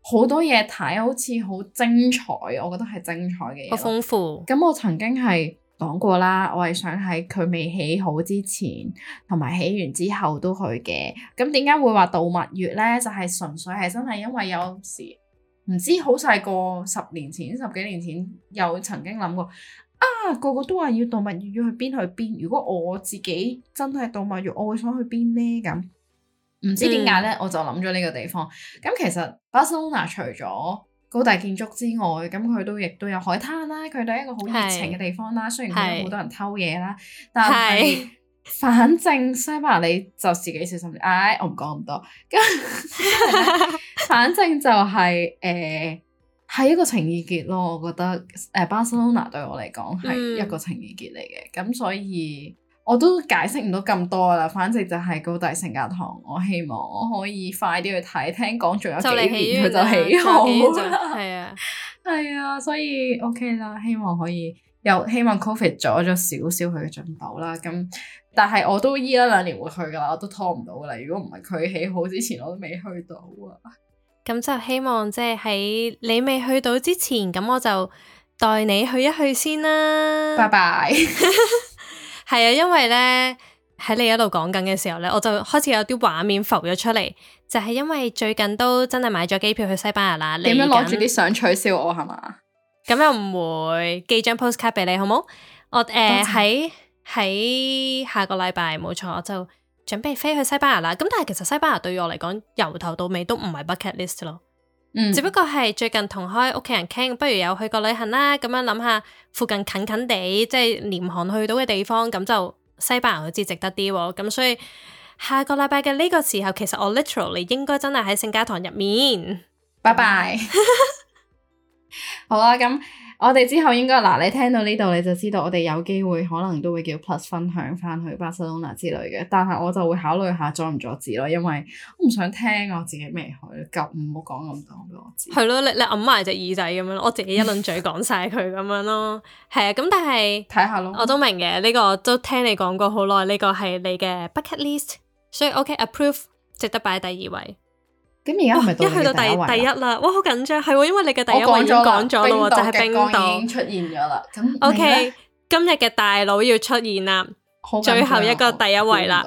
Speaker 2: 好多嘢睇，好似好精彩，我覺得係精彩嘅嘢。好豐富。咁我曾經係講過啦，我係想喺佢未起好之前，同埋起完之後都去嘅。咁點解會話度蜜月咧？就係、是、純粹係真係因為有時。唔知好細個十年前、十幾年前又曾經諗過啊，個個都話要度蜜月，要去邊去邊。如果我自己真係度蜜月，我會想去邊呢？咁唔知點解咧？嗯、我就諗咗呢個地方。咁、嗯嗯、其實巴塞隆納除咗高大建築之外，咁佢都亦都有海灘啦，佢都係一個好熱情嘅地方啦。是雖然佢有好多人偷嘢啦，
Speaker 1: 是但係是。
Speaker 2: 反正西班牙你就自己小心啲，唉，我唔講咁多。咁 [LAUGHS] 反正就係誒係一個情意結咯我覺得誒巴塞羅那對我嚟講係一個情意結嚟嘅。咁、嗯、所以我都解釋唔到咁多啦。反正就係高第聖家堂，我希望我可以快啲去睇。聽講仲有幾年佢就起好啦，係啊係 [LAUGHS] 啊，所以 OK 啦。希望可以又希望 Covid 阻咗少少佢嘅進步啦。咁。但係我都依一兩年會去噶啦，我都拖唔到噶啦。如果唔係佢起好之前，我都未去到啊。
Speaker 1: 咁就希望即係喺你未去到之前，咁我就代你去一去先啦。拜拜 bye。係 [LAUGHS] 啊，因為呢，喺你一度講緊嘅時候呢，我就開始有啲畫面浮咗出嚟，就係、是、因為最近都真係買咗機票去西班牙啦。你點樣攞住啲相取笑我係嘛？咁又唔會寄張 postcard 俾你好冇？我誒喺。呃謝喺下個禮拜冇錯，我就準備飛去西班牙啦。咁但係其實西班牙對我嚟講，由頭到尾都唔係 bucket list 咯。嗯，只不過係最近同開屋企人傾，不如有去過旅行啦。咁樣諗下附近近近地，即係廉航去到嘅地方，咁就西班牙好似值得啲。咁所以下個禮拜嘅呢個時候，其實我 literally 應該真係喺聖家堂入面。拜拜！好啊，咁。
Speaker 2: 我哋之後應該嗱，你聽到呢度你就知道，我哋有機會可能都會叫 Plus 分享翻去巴塞羅那之類嘅，但係我就會考慮下阻唔阻止咯，因為我唔想聽我自己未去，夠唔好講咁多俾我知。係
Speaker 1: 咯，啊，你你揞埋隻耳仔咁樣，我自己一輪嘴講晒佢咁樣咯。係 [LAUGHS] 啊，咁但係睇下咯。看看我都明嘅，呢、呢個都聽你講過好耐，呢、呢個係你嘅 bucket list，所以 OK approve 值得擺喺第二位。咁而家一去到第第一啦，哇好緊張，係喎，因為你嘅第一位已經講咗啦，就係冰島已經出現咗啦。OK，今日嘅大佬要出現啦，最後一個第一位啦，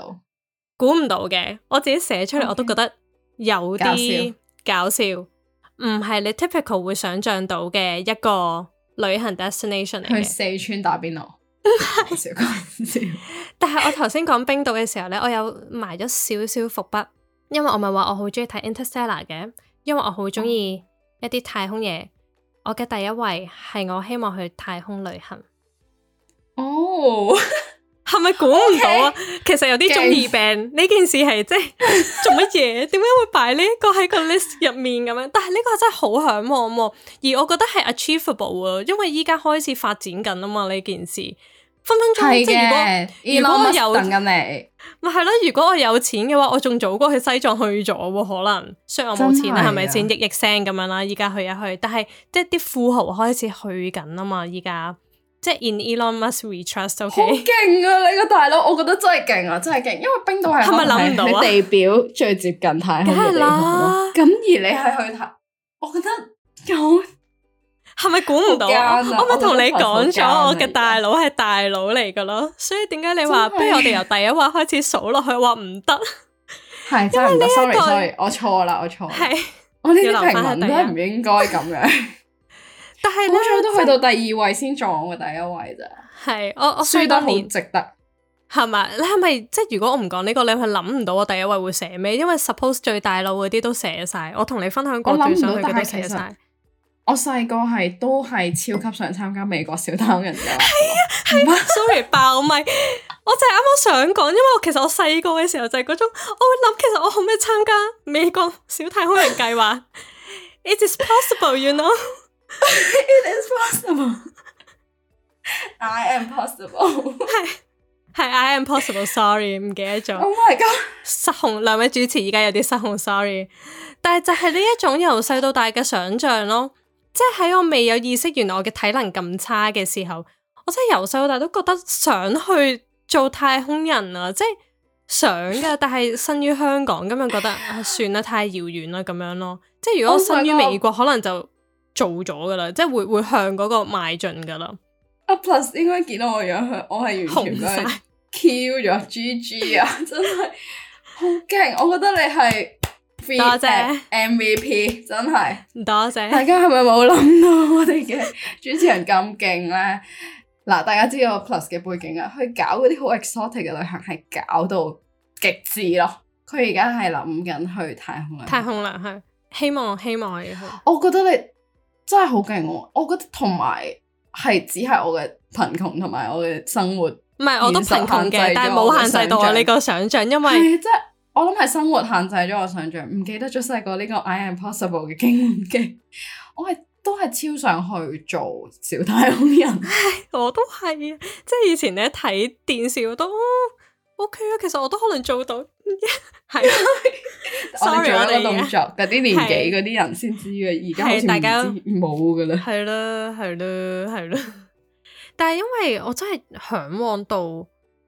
Speaker 1: 估唔到嘅，我自己寫出嚟我都覺得有啲搞笑，唔係你 typical 會想象到嘅一個旅行 destination 嚟。去四川打邊爐，但係我頭先講冰島嘅時候咧，我有埋咗少少伏筆。因為我咪話我好中意睇 Interstellar 嘅，因為我好中意一啲太空嘢。Oh. 我嘅第一位係我希望去太空旅行。哦、oh. [LAUGHS] 係咪估唔到啊？其實有啲中二病呢 G aze. 件事係即係做乜嘢？點解會擺呢個喺個 list 入面咁樣？ [LAUGHS] 但係呢個真係好向往啊，而我覺得係 achievable 啊，因為依家開始發展緊啊嘛呢件事。分分鐘，的即係如果，Elon 如果我有，等緊你，咪係咯？如果我有錢嘅話，我仲早過去西藏去咗喎，可能雖然我冇錢啦，係咪先？億億聲咁樣啦，依家去一去，但係即係啲富豪開始去緊啊嘛，依家即係 in Elon Musk we trust，好、okay?
Speaker 2: 勁啊！你個大佬，我覺得真係勁啊，真係勁，因為冰島係係咪諗唔到地表最接近太陽嘅地方咁然而你係去，睇？我覺得有。係咪估唔到？啊、我咪同你講咗，我嘅
Speaker 1: 大佬係大佬嚟噶咯，所以點解你話不如我哋由第一位開始數落去？話唔得，
Speaker 2: 係是因為 真係唔得。sorry，sorry，這個、我錯啦，我錯。係
Speaker 1: 我是、哦、 [LAUGHS] 呢啲評論都
Speaker 2: 唔應該咁樣。但係好彩都去到第二位先撞嘅第一位啫。係我我輸得好
Speaker 1: 值得，係咪？你係咪即係如果我唔講呢個，你係諗唔到我第一位會寫咩？因為 suppose 最大佬嗰啲都寫晒，我同你分享過最想去嘅都寫晒。
Speaker 2: 我細個係都係超
Speaker 1: 級想參加美國小太空人噶，係啊，係、啊、 [LAUGHS] sorry 爆咪，我就係啱啱想講，因為我其實我細個嘅時候就係嗰種，我會諗其實我可唔可以參加美國小太空人計劃 [LAUGHS] ？It is possible，you know，it is possible，I am possible，係 [LAUGHS] 係 I am possible，sorry 唔記得咗。Oh my god，失控！兩位主持而家有啲失控 sorry，但係就係呢一種由細到大嘅想象咯。即係喺我未有意識，原來我嘅體能咁差嘅時候，我真係由細到大都覺得想去做太空人啊！即係想噶，但係生於香港咁樣覺得，啊算啦，太遙遠啦咁樣咯。即係如果我生於美國，Oh my God, 可能就做咗噶啦，即係會會向嗰個邁進噶啦。
Speaker 2: 啊 Plus 應該見到我樣，我係完全都係 Q 咗 GG 啊！ [LAUGHS] 真係好勁，我覺得你係。多謝 MVP，真係多謝大家，係咪冇諗
Speaker 1: 到我哋嘅
Speaker 2: 主持人咁勁咧？嗱， [LAUGHS] 大家知道我 Plus 嘅背景啊，去搞嗰啲好 exotic 嘅旅行，係搞到極致咯。佢而家係諗緊去太空啦，太
Speaker 1: 空啦，希望希望可以去。
Speaker 2: 我覺得你真係好勁，我我覺得同埋係只係我嘅貧窮同埋我嘅生活，唔係我都貧窮嘅，但係冇限制到你
Speaker 1: 個想象，因為
Speaker 2: 真。我諗係生活限制咗我想象，唔記得咗細個呢個 I am possible 嘅經驗，我係都係超想去做小太空人
Speaker 1: [LAUGHS] 我都係啊！即係以前咧睇電視，我都，O K 啊，其實我都可能做到，係 [LAUGHS] 啊， [LAUGHS] Sorry 我哋做咗呢個動作，嗰啲年紀嗰啲人先知嘅，而家是好似大家
Speaker 2: 冇噶啦，
Speaker 1: 係啦，係啦、啊，係啦、啊。啊啊、 [LAUGHS] 但係因為我真係向往到，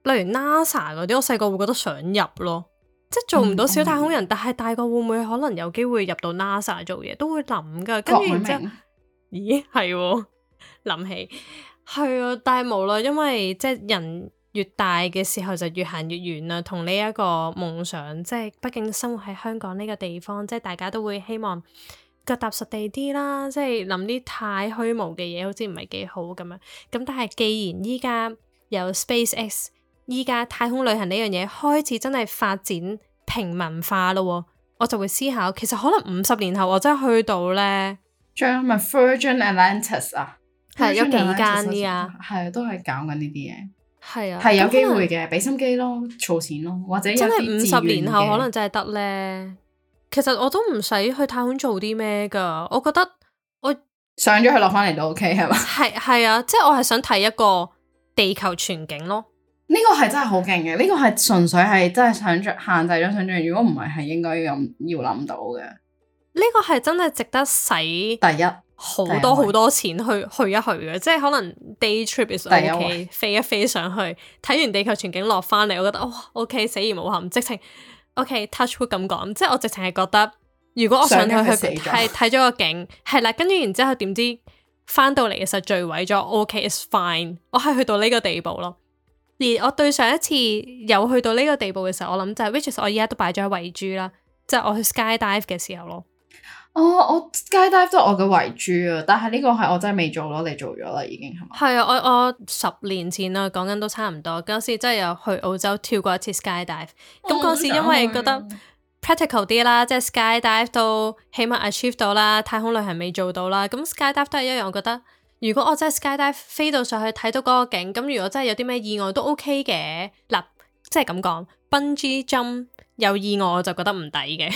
Speaker 1: 例如 NASA 嗰啲，我細個會覺得想入咯。即係做唔到小太空人，嗯嗯、但係大個會唔會可能有機會入到 NASA 做嘢，都會諗噶。民跟住然之後，咦係，諗起係啊！但係無論因為即係人越大嘅時候就越行越遠啦。同呢一個夢想，即係畢竟生活喺香港呢個地方，即係大家都會希望腳踏實地啲啦。即係諗啲太虛無嘅嘢，好似唔係幾好咁樣。咁但係既然依家有 SpaceX。依家太空旅行呢樣嘢開始真係發展平民化咯、哦，我就會思考，其實可能五十年後我真係去到咧，將咪 Virgin Atlantis 啊，係有幾間啲啊，
Speaker 2: 係都係搞緊呢啲嘢，
Speaker 1: 係啊，係有機會嘅，俾心機咯，
Speaker 2: 儲錢咯，或者真係五十年後可能
Speaker 1: 真係得咧。其實我都唔使去太空做啲咩噶，我覺得我上咗去落翻嚟都 OK 係嘛？係係啊，即係我係想睇一個地球全景咯。呢個係真係好
Speaker 2: 勁嘅，呢個係純粹係真係想象限制咗想象。如果唔係，係應該諗要諗到嘅。
Speaker 1: 呢個係真係值得使第一好多好多錢去去一去嘅，即係可能 day trip is ok 飛一飛上去睇完地球全景落翻嚟，我覺得哇、哦，OK 死而無憾，直情 OK touch wood 咁講，即係我直情係覺得如果我想去去睇睇咗個景，係啦，跟住然之後點知翻到嚟實墜毀咗，OK it's fine，我係去到呢個地步咯。而我對上一次有去到呢個地步嘅時候，我諗就係 which is 我依家都擺咗喺遺珠啦，即係我去 sky dive 嘅時候咯。
Speaker 2: 哦，我 sky dive 都係我嘅遺珠啊，但係呢個係我真係未做咯，你做咗啦已經係咪？
Speaker 1: 係啊，我我十年前啊，講緊都差唔多嗰時真係有去澳洲跳過一次 sky dive。咁嗰時因為覺得 practical 啲啦，即係 sky dive 都起碼 achieve 到啦，太空旅行未做到啦，咁 sky dive 都係一樣，我覺得。如果我真係 sky dive 飛到上去睇到嗰個景，咁如果真係有啲咩意外都 OK 嘅，嗱，即係咁講，bungee jump 有意外我就覺得唔抵嘅，
Speaker 2: 的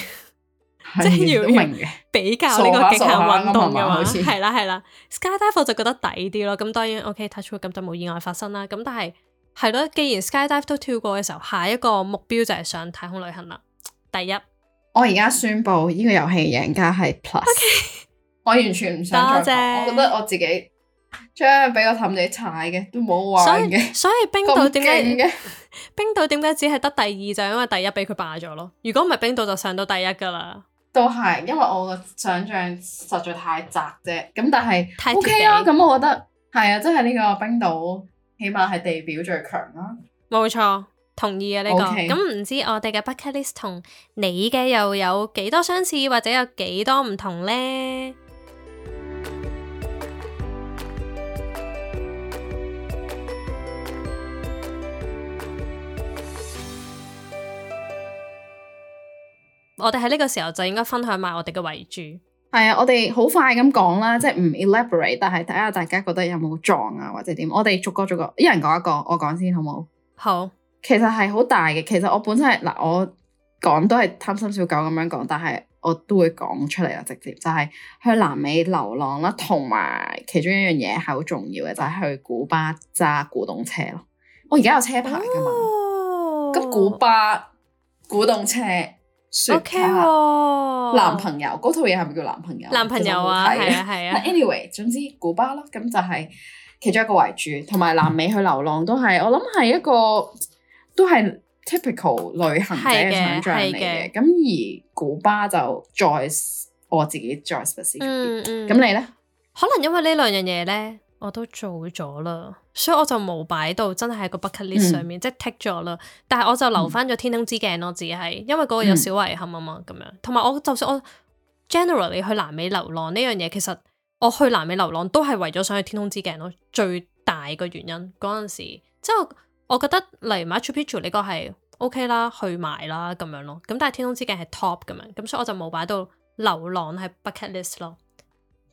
Speaker 2: [LAUGHS] 即係要
Speaker 1: 比較呢個極限運動嘅嘛，係啦係啦，sky dive 我就覺得抵啲咯，咁當然 OK，touch wood，咁就冇意外發生啦，咁但係係咯，既然 sky dive 都跳過嘅時候，下一個目標就係上太空旅行啦。第一，
Speaker 2: 我而家宣布呢個遊戲贏家係 Plus，Okay,
Speaker 1: 我完全唔想多再，多謝我覺得我自己。
Speaker 2: 將俾個氹仔踩嘅，都冇玩嘅。所以，所以冰島點解
Speaker 1: 冰島點解只係得第二，就因為第一俾佢霸咗咯。如果唔係冰島就上到第一噶啦。
Speaker 2: 都係，因為我嘅想象實在太窄啫。
Speaker 1: 咁但係 O K 啊。
Speaker 2: 咁我覺得係啊，即係呢個冰島起碼係地表最強啦，
Speaker 1: 啊。冇錯，同意啊呢，呢個。咁唔 Okay. 知我哋嘅 Bucket List 同你嘅又有幾多相似，或者有幾多唔同咧？我哋喺呢個時候就應該分享埋我哋嘅遺珠。
Speaker 2: 係啊，我哋好快咁講啦，即係唔 elaborate，但係睇下大家覺得有冇撞啊或者點。我哋逐個逐個，一人講一個，我講先好冇？好，好其實係好大嘅。其實我本身係嗱，我講都係貪心小狗咁樣講，但係我都會講出嚟啊，直接就係、是、去南美流浪啦，同埋其中一樣嘢係好重要嘅，就係、是、去古巴揸古董車咯。我而家有車牌噶嘛？咁、哦、古巴古董車。說下、okay 哦、
Speaker 1: 男
Speaker 2: 朋友，嗰套嘢係咪叫男朋友？男朋友啊，係啊係啊。啊 anyway，總之古巴咯，咁就係其中一個懷珠，同埋南美去流浪都係，我諗係一個都係 typical 旅行者嘅想象嚟嘅。咁而古巴就 joy，我自己 joy，specific
Speaker 1: 咁你咧？可能因為兩呢兩樣嘢咧，我都做咗啦。所以我就冇擺到，真係喺個 bucket list 上面，嗯、即係剔咗啦。但係我就留翻咗天空之鏡咯，只係、嗯、因為嗰個有小遺憾啊嘛，咁、嗯、樣。同埋我，就算我 generally 去南美流浪呢樣嘢，其實我去南美流浪都係為咗想去天空之鏡咯，最大嘅原因。嗰陣時之後，我覺得例如 Machu Picchu 呢個係 OK 啦，去埋啦咁樣咯。咁但係天空之鏡係 top 咁樣，咁所以我就冇擺到流浪喺 bucket list 咯。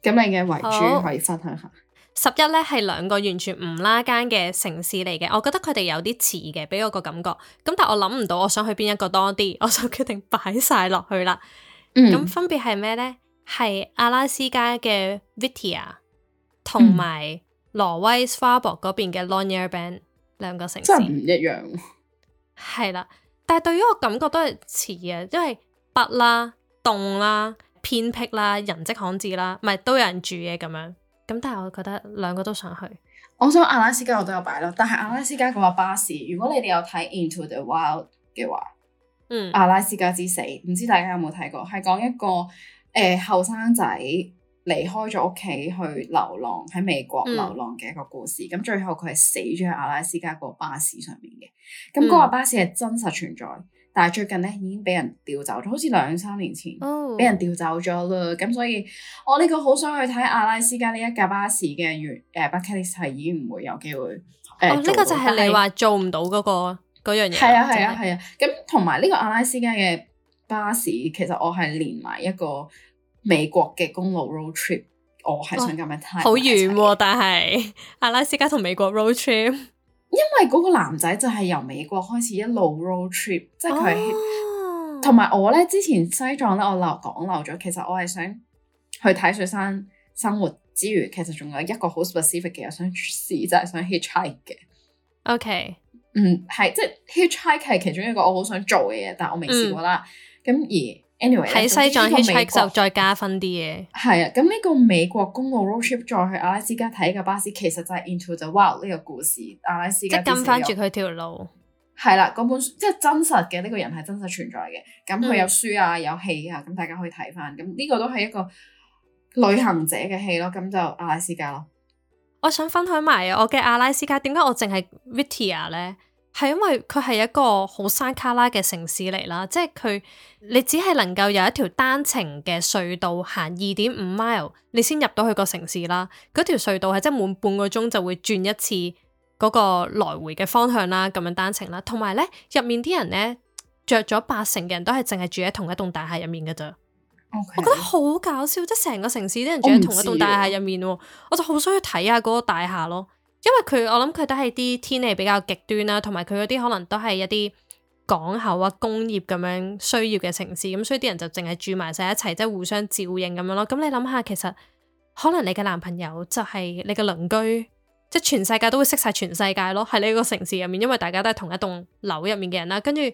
Speaker 1: 咁你嘅
Speaker 2: 為主可以分享下。Oh,
Speaker 1: 十一咧，係兩個完全唔拉更嘅城市嚟嘅，我覺得佢哋有啲似嘅，俾我個感覺。咁但係我諗唔到我想去邊一個多啲，我就決定擺晒落去啦。
Speaker 2: 咁、嗯、分
Speaker 1: 別係咩呢？係阿拉斯加嘅 Vitia 同埋挪威斯瓦博嗰邊嘅 Longyearbyen 兩個城市，真係唔一樣。係啦，但係對於我感覺都係似嘅，因為北啦、凍啦、偏僻啦、人跡罕至啦，唔係都有人住嘅咁樣。咁但係我覺得
Speaker 2: 兩個都想去，我想阿拉斯加我都有擺咯，但係阿拉斯加嗰個巴士，如果你哋有睇《Into the Wild》嘅話，嗯，阿拉斯加之死，唔知大家有冇睇過？係講一個誒後生仔離開咗屋企去流浪喺美國流浪嘅一個故事，咁、嗯、最後佢係死咗喺阿拉斯加嗰個巴士上面嘅，咁嗰個巴士係真實存在。但係最近咧已經俾人調走咗，好似兩三年前俾、哦、人調走咗啦。咁所以我呢個好想去睇阿拉斯加呢一架巴士嘅原，誒 bucket list 係已經唔會有機會誒。呢、呃哦、到個就係你話
Speaker 1: 做唔到嗰、嗰個嗰樣嘢。係啊係啊係啊。
Speaker 2: 咁同埋呢個阿拉斯加嘅巴士，其實我係連埋一個美國嘅公路 road trip，我係想咁樣睇，好、哦、
Speaker 1: 遠喎、啊，但係阿拉斯加同美國 road trip。因為嗰個男仔就係由美國開
Speaker 2: 始一路 road trip，即係佢同埋我咧之前西藏咧我留講漏咗，其實我係想去睇雪山生活之餘，其實仲有一個好 specific 嘅嘢我想試，就係、是、想 hitch hike 嘅。
Speaker 1: OK，嗯，係
Speaker 2: 即係 hitch hike 係其中一個我好想做嘅嘢，但我未試過啦。咁、mm. 而。喺 Anyway, 西藏同美就
Speaker 1: 再加分啲嘢。
Speaker 2: 係啊，咁呢個美國公路 road trip 再去阿拉斯加睇嘅巴士，其實就係 Into the Wild 呢個故事，阿拉斯加即係跟翻住佢條路，係啦、啊，嗰本書即係真實嘅呢、呢個人係真實存在嘅，咁佢有書啊有戲啊，咁大家可以睇翻，咁呢個都係一個旅行者嘅戲咯，咁就阿拉斯加咯。
Speaker 1: 我想分享埋我嘅阿拉斯加，點解我淨係 Vitia 咧？係因為佢係一個好山卡拉嘅城市嚟啦，即係佢你只係能夠有一條單程嘅隧道行二點五 mile，你先入到去個城市啦。嗰條隧道係即係滿半個鐘就會轉一次嗰個來回嘅方向啦，咁樣單程啦。同埋咧，入面啲人咧着咗八成嘅人都係淨係住喺同一棟大廈入面嘅咋，Okay. 我覺得好搞笑，即係成個城市啲人住喺同一棟大廈入面喎，我,我就好想去睇下嗰個大廈咯。因為佢，我諗佢都係啲天氣比較極端啦，同埋佢嗰啲可能都係一啲港口啊、工業咁樣需要嘅城市，咁所以啲人就淨係住埋晒一齊，即係互相照應咁樣咯。咁你諗下，其實可能你嘅男朋友就係你嘅鄰居，即係全世界都會識晒全世界咯，喺你個城市入面，因為大家都係同一棟樓入面嘅人啦。跟住佢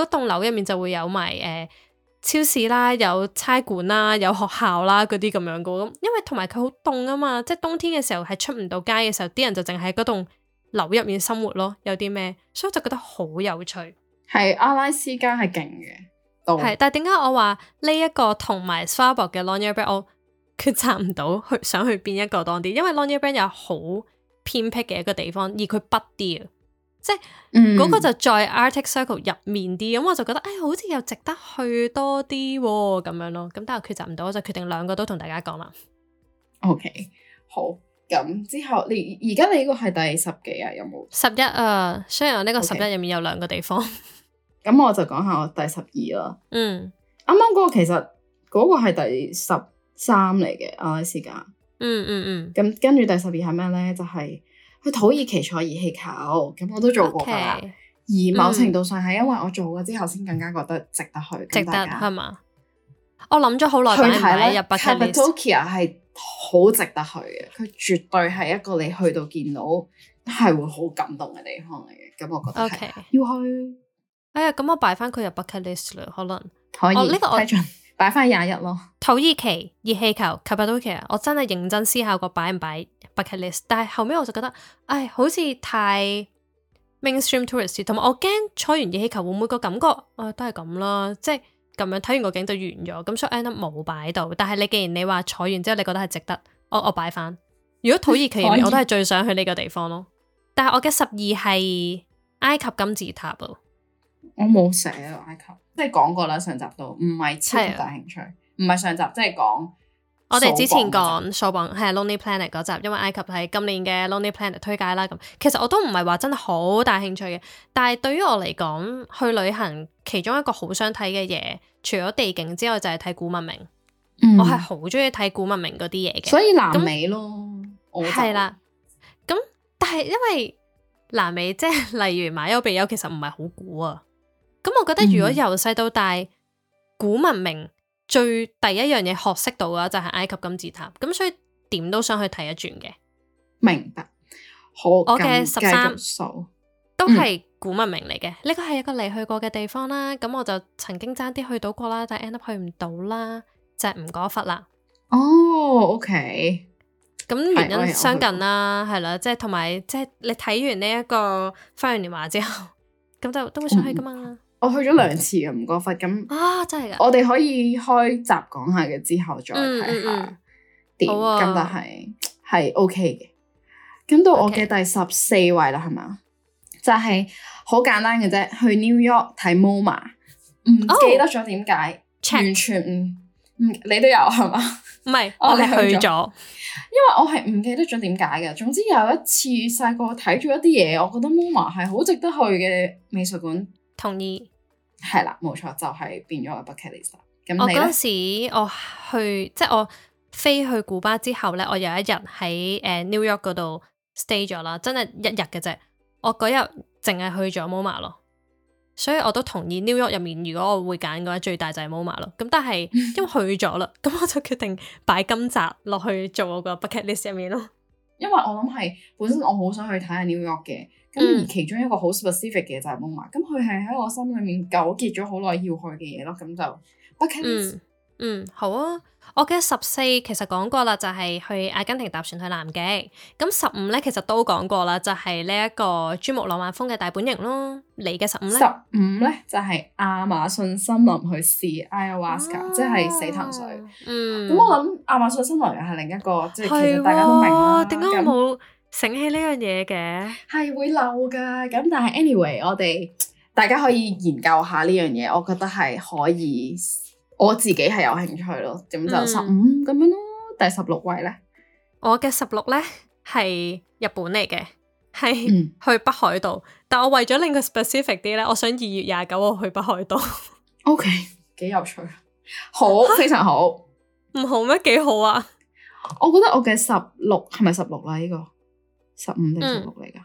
Speaker 1: 嗰棟樓入面就會有埋誒。呃超市啦，有差館啦，有學校啦，嗰啲咁樣噶。咁，因為同埋佢好凍啊嘛，即係冬天嘅時候係出唔到街嘅時候，啲人就淨係喺嗰棟樓入面生活咯，有啲咩，所以我就覺得好有趣。係阿拉斯加係勁嘅，係、oh.，但係點解我話呢一個同埋 s a 沙、ok、博嘅 Longyearbyen，我抉擇唔到去想去邊一個當啲，因為 Longyearbyen 有好偏僻嘅一個地方，而佢北啲。即係嗰、嗯、個就在 Arctic Circle 入面啲，咁我就覺得誒、哎，好似又值得去多啲咁樣咯。咁但係抉擇唔到，我就決定兩個都同大家講啦。O、
Speaker 2: okay, K，
Speaker 1: 好，咁之
Speaker 2: 後你而家你呢個係第
Speaker 1: 十幾啊？有冇？十一啊，雖然我呢個十一入面有兩個地方，
Speaker 2: 咁 Okay. [LAUGHS] 我就講下我第十二咯、嗯嗯。嗯，啱啱嗰個其實嗰個係第十三嚟嘅，阿拉斯加。嗯嗯嗯，咁跟住第十二係咩咧？就係、是。去土耳其坐熱氣球，咁我都做過噶。Okay. 而某程度上係因為我做過之後，先更加覺得值得去。值得係嘛
Speaker 1: 家？我諗
Speaker 2: 咗好耐，佢係咧。Turkey 係好值得去嘅，佢絕對係一個你去到見到係會好感動嘅地方嚟嘅。咁我覺得 OK，
Speaker 1: 要去。Okay. 哎呀，咁我擺翻佢入 bucket list 啦。可能可以呢、這個擺翻廿日咯，土耳其熱氣球、Cappadocia，我真係認真思考過擺唔擺 bucket list，但係後尾我就覺得，唉，好似太 mainstream tourist，同埋我驚坐完熱氣球會唔會個感覺，啊，都係咁啦，即係咁樣睇完個景就完咗，咁所以 end up 冇擺到。但係你既然你話坐完之後你覺得係值得，我我擺翻。如果土耳其以 [LAUGHS] 我都係最想去呢個地方咯。但係我嘅十二係埃及金字塔喎，
Speaker 2: 我冇寫啊埃及。
Speaker 1: 即係講過啦，上集都唔係超大興趣，唔係的上集即係講。我哋之前講《掃榜磅》係《Lonely Planet》嗰集，因為埃及係今年嘅《Lonely Planet》推介啦。咁其實我都唔係話真係好大興趣嘅，但係對於我嚟講，去旅行其中一個好想睇嘅嘢，除咗地景之外，就係睇古文明。嗯，我係好中意睇古文明嗰啲嘢嘅，所以南美咯，係啦那。咁洲但係因為南美即係例如馬丘比丘，其實唔係好古啊。咁我覺得如果由細到大，嗯、古文明最第一樣嘢學識到嘅話，就係埃及金字塔。咁所以點都想去睇一轉嘅。
Speaker 2: 明白。好，我嘅 Okay, 十三
Speaker 1: 數都係古文明嚟嘅。呢個係一個你去過嘅地方啦、啊。咁我就曾經爭啲去到過啦，但係 end up 去唔到啦，就係吳哥窟啦。
Speaker 2: 哦，OK。
Speaker 1: 咁原因相近啦、啊，係、哎 okay，啦，即係同埋即係你睇完呢、這、一個《花樣年華》之後，咁 [LAUGHS] 就都會想去噶嘛、嗯。
Speaker 2: 我去咗兩次嘅，唔 Okay. 過分。咁啊，真係嘅。我哋可以開集講下嘅，之後再
Speaker 1: 睇下點。咁但係
Speaker 2: 係 OK 嘅。咁到我嘅第十四位啦，係嘛 Okay.？就係、是、好簡單嘅啫，去 New York 睇 MoMA，唔記得咗點解，oh, check. 完全唔唔你都有係嘛？唔係是 [LAUGHS] 我哋去咗，去因為我係唔記得咗點解嘅。總之有一次細個睇咗一啲嘢，我覺得 MoMA 係好值得去嘅美術館。同意，係啦，冇錯，就係變咗個 bucket list 啦。咁我嗰時
Speaker 1: 我去，即係我飛去古巴之後咧，我有一日喺誒 New York 嗰度 stay 咗啦，真係一日嘅啫。我嗰日淨係去咗 MoMA 咯，所以我都同意 New York 入面，如果我會揀嘅話，最大就係 MoMA 咯。咁但係因為去咗啦，咁 [LAUGHS] 我就決定擺金澤落去做我個 bucket list 入面咯。因為我
Speaker 2: 諗係本身我好想去睇下 New York 嘅。咁、嗯、而其中一個好 specific 嘅就係蒙馬，咁佢係喺我心裏面糾結咗好耐要去嘅嘢咯，咁就。嗯
Speaker 1: 嗯，好啊。我記得十四其實講過啦，就係去阿根廷搭船去南極。咁十五咧其實都講過啦，就係呢一個珠穆朗瑪峰嘅大本營咯。你嘅十五咧？十
Speaker 2: 五咧就係、是、亞馬遜森林去試 Iowaska、啊、即係死藤水，嗯嗯嗯。嗯。咁、嗯、我諗亞馬遜森林又係另一個，即係其實大家都明啦。點解冇醒起呢樣嘢嘅，係會漏噶咁但係 anyway，我哋大家可以研究下呢樣嘢，我覺得係可以，我自己係有興趣
Speaker 1: 咯。點就十五咁樣咯，
Speaker 2: 第十六位咧，
Speaker 1: 我嘅十六咧係日本嚟嘅，係去北海道，嗯、但我為咗令佢 specific 啲咧，我想二月廿九號我去北海道。OK，幾有趣，
Speaker 2: 好非常好，
Speaker 1: 唔好咩？幾好啊！
Speaker 2: 我覺得我嘅十六係咪十六啦？呢個。十五定十六嚟噶，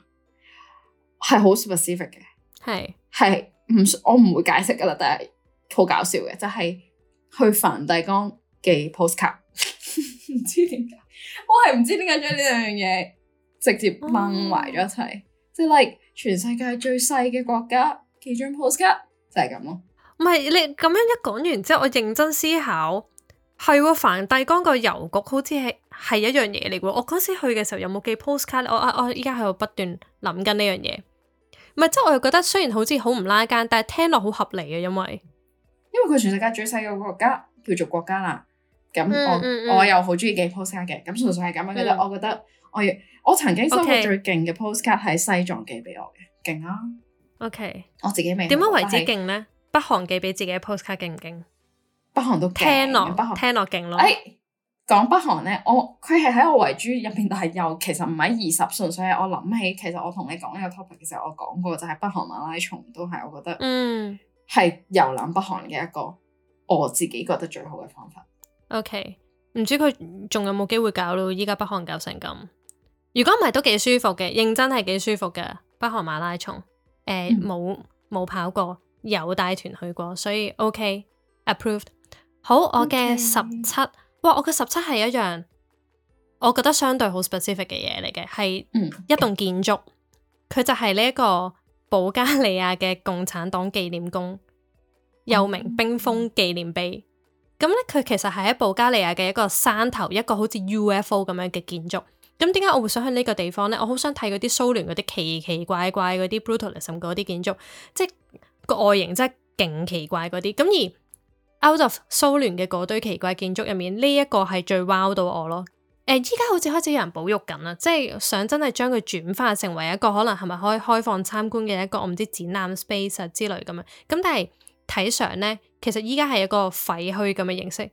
Speaker 2: 係好、嗯、specific 嘅是，係係唔我唔會解釋噶啦，但係好搞笑嘅，就係、是、去梵蒂岡寄 postcard，唔 [LAUGHS] 知點解，我係唔知點解將呢兩樣嘢直接掹埋咗一齊，嗯、即係，全世界最細嘅國家幾
Speaker 1: 張 postcard 就係咁咯，唔係你咁樣一講完之後，我認真思考。係梵蒂岡個郵局好似係係一樣嘢嚟喎，我嗰時去嘅時候有冇寄 postcard？我啊，我依家喺度不斷諗緊呢樣嘢。唔係即係我又覺得雖然好似好唔拉更，但係聽落好合理啊，因為
Speaker 2: 因為佢全世界最細嘅國家叫做國家啦，咁我嗯嗯嗯我又好中意寄 postcard 嘅，咁純粹係咁樣、嗯、我覺得我我曾經收過最勁嘅 postcard 喺西藏寄俾我嘅，勁啊
Speaker 1: ！O Okay K，我自己未點樣為之勁呢？是北韓寄俾自己嘅 postcard 勁唔勁？北韓都勁咯，聽落勁咯。誒韓，講、哎、北韓咧，我佢係喺我圍珠入邊，但係又其實唔係
Speaker 2: 二十歲，所以我諗起，其實我同你講呢個 topic 嘅時候，我講過就係北韓馬拉松都係，我
Speaker 1: 覺得嗯係遊覽北韓嘅一個我自己覺得最好嘅方法。嗯、OK，唔知佢仲有冇機會搞到依家北韓搞成咁，如果唔係都幾舒服嘅，認真係幾舒服嘅北韓馬拉松。誒、呃，冇冇、嗯、跑過，有帶團去過，所以 OK approved。好，我嘅十七，哇！我嘅十七係一樣，我覺得相對好 specific 嘅嘢嚟嘅，係一棟建築，佢 Okay. 就係呢一個保加利亞嘅共產黨紀念宮，又名冰封紀念碑。咁咧 Okay.，佢其實係喺保加利亞嘅一個山頭，一個好似 UFO 咁樣嘅建築。咁點解我會想去呢個地方呢？我好想睇嗰啲蘇聯嗰啲奇奇怪怪嗰啲 brutalism 嗰啲建築，即係個外形真係勁奇怪嗰啲。咁而 out of 蘇聯嘅嗰堆奇怪建築入面，呢一個係最 wow 到我咯。誒、呃，依家好似開始有人保育緊啦，即係想真係將佢轉化成為一個可能係咪可以開放參觀嘅一個我唔知展覽 space 啊之類咁樣。咁但係睇相呢，其實依家係一個廢墟咁嘅形式，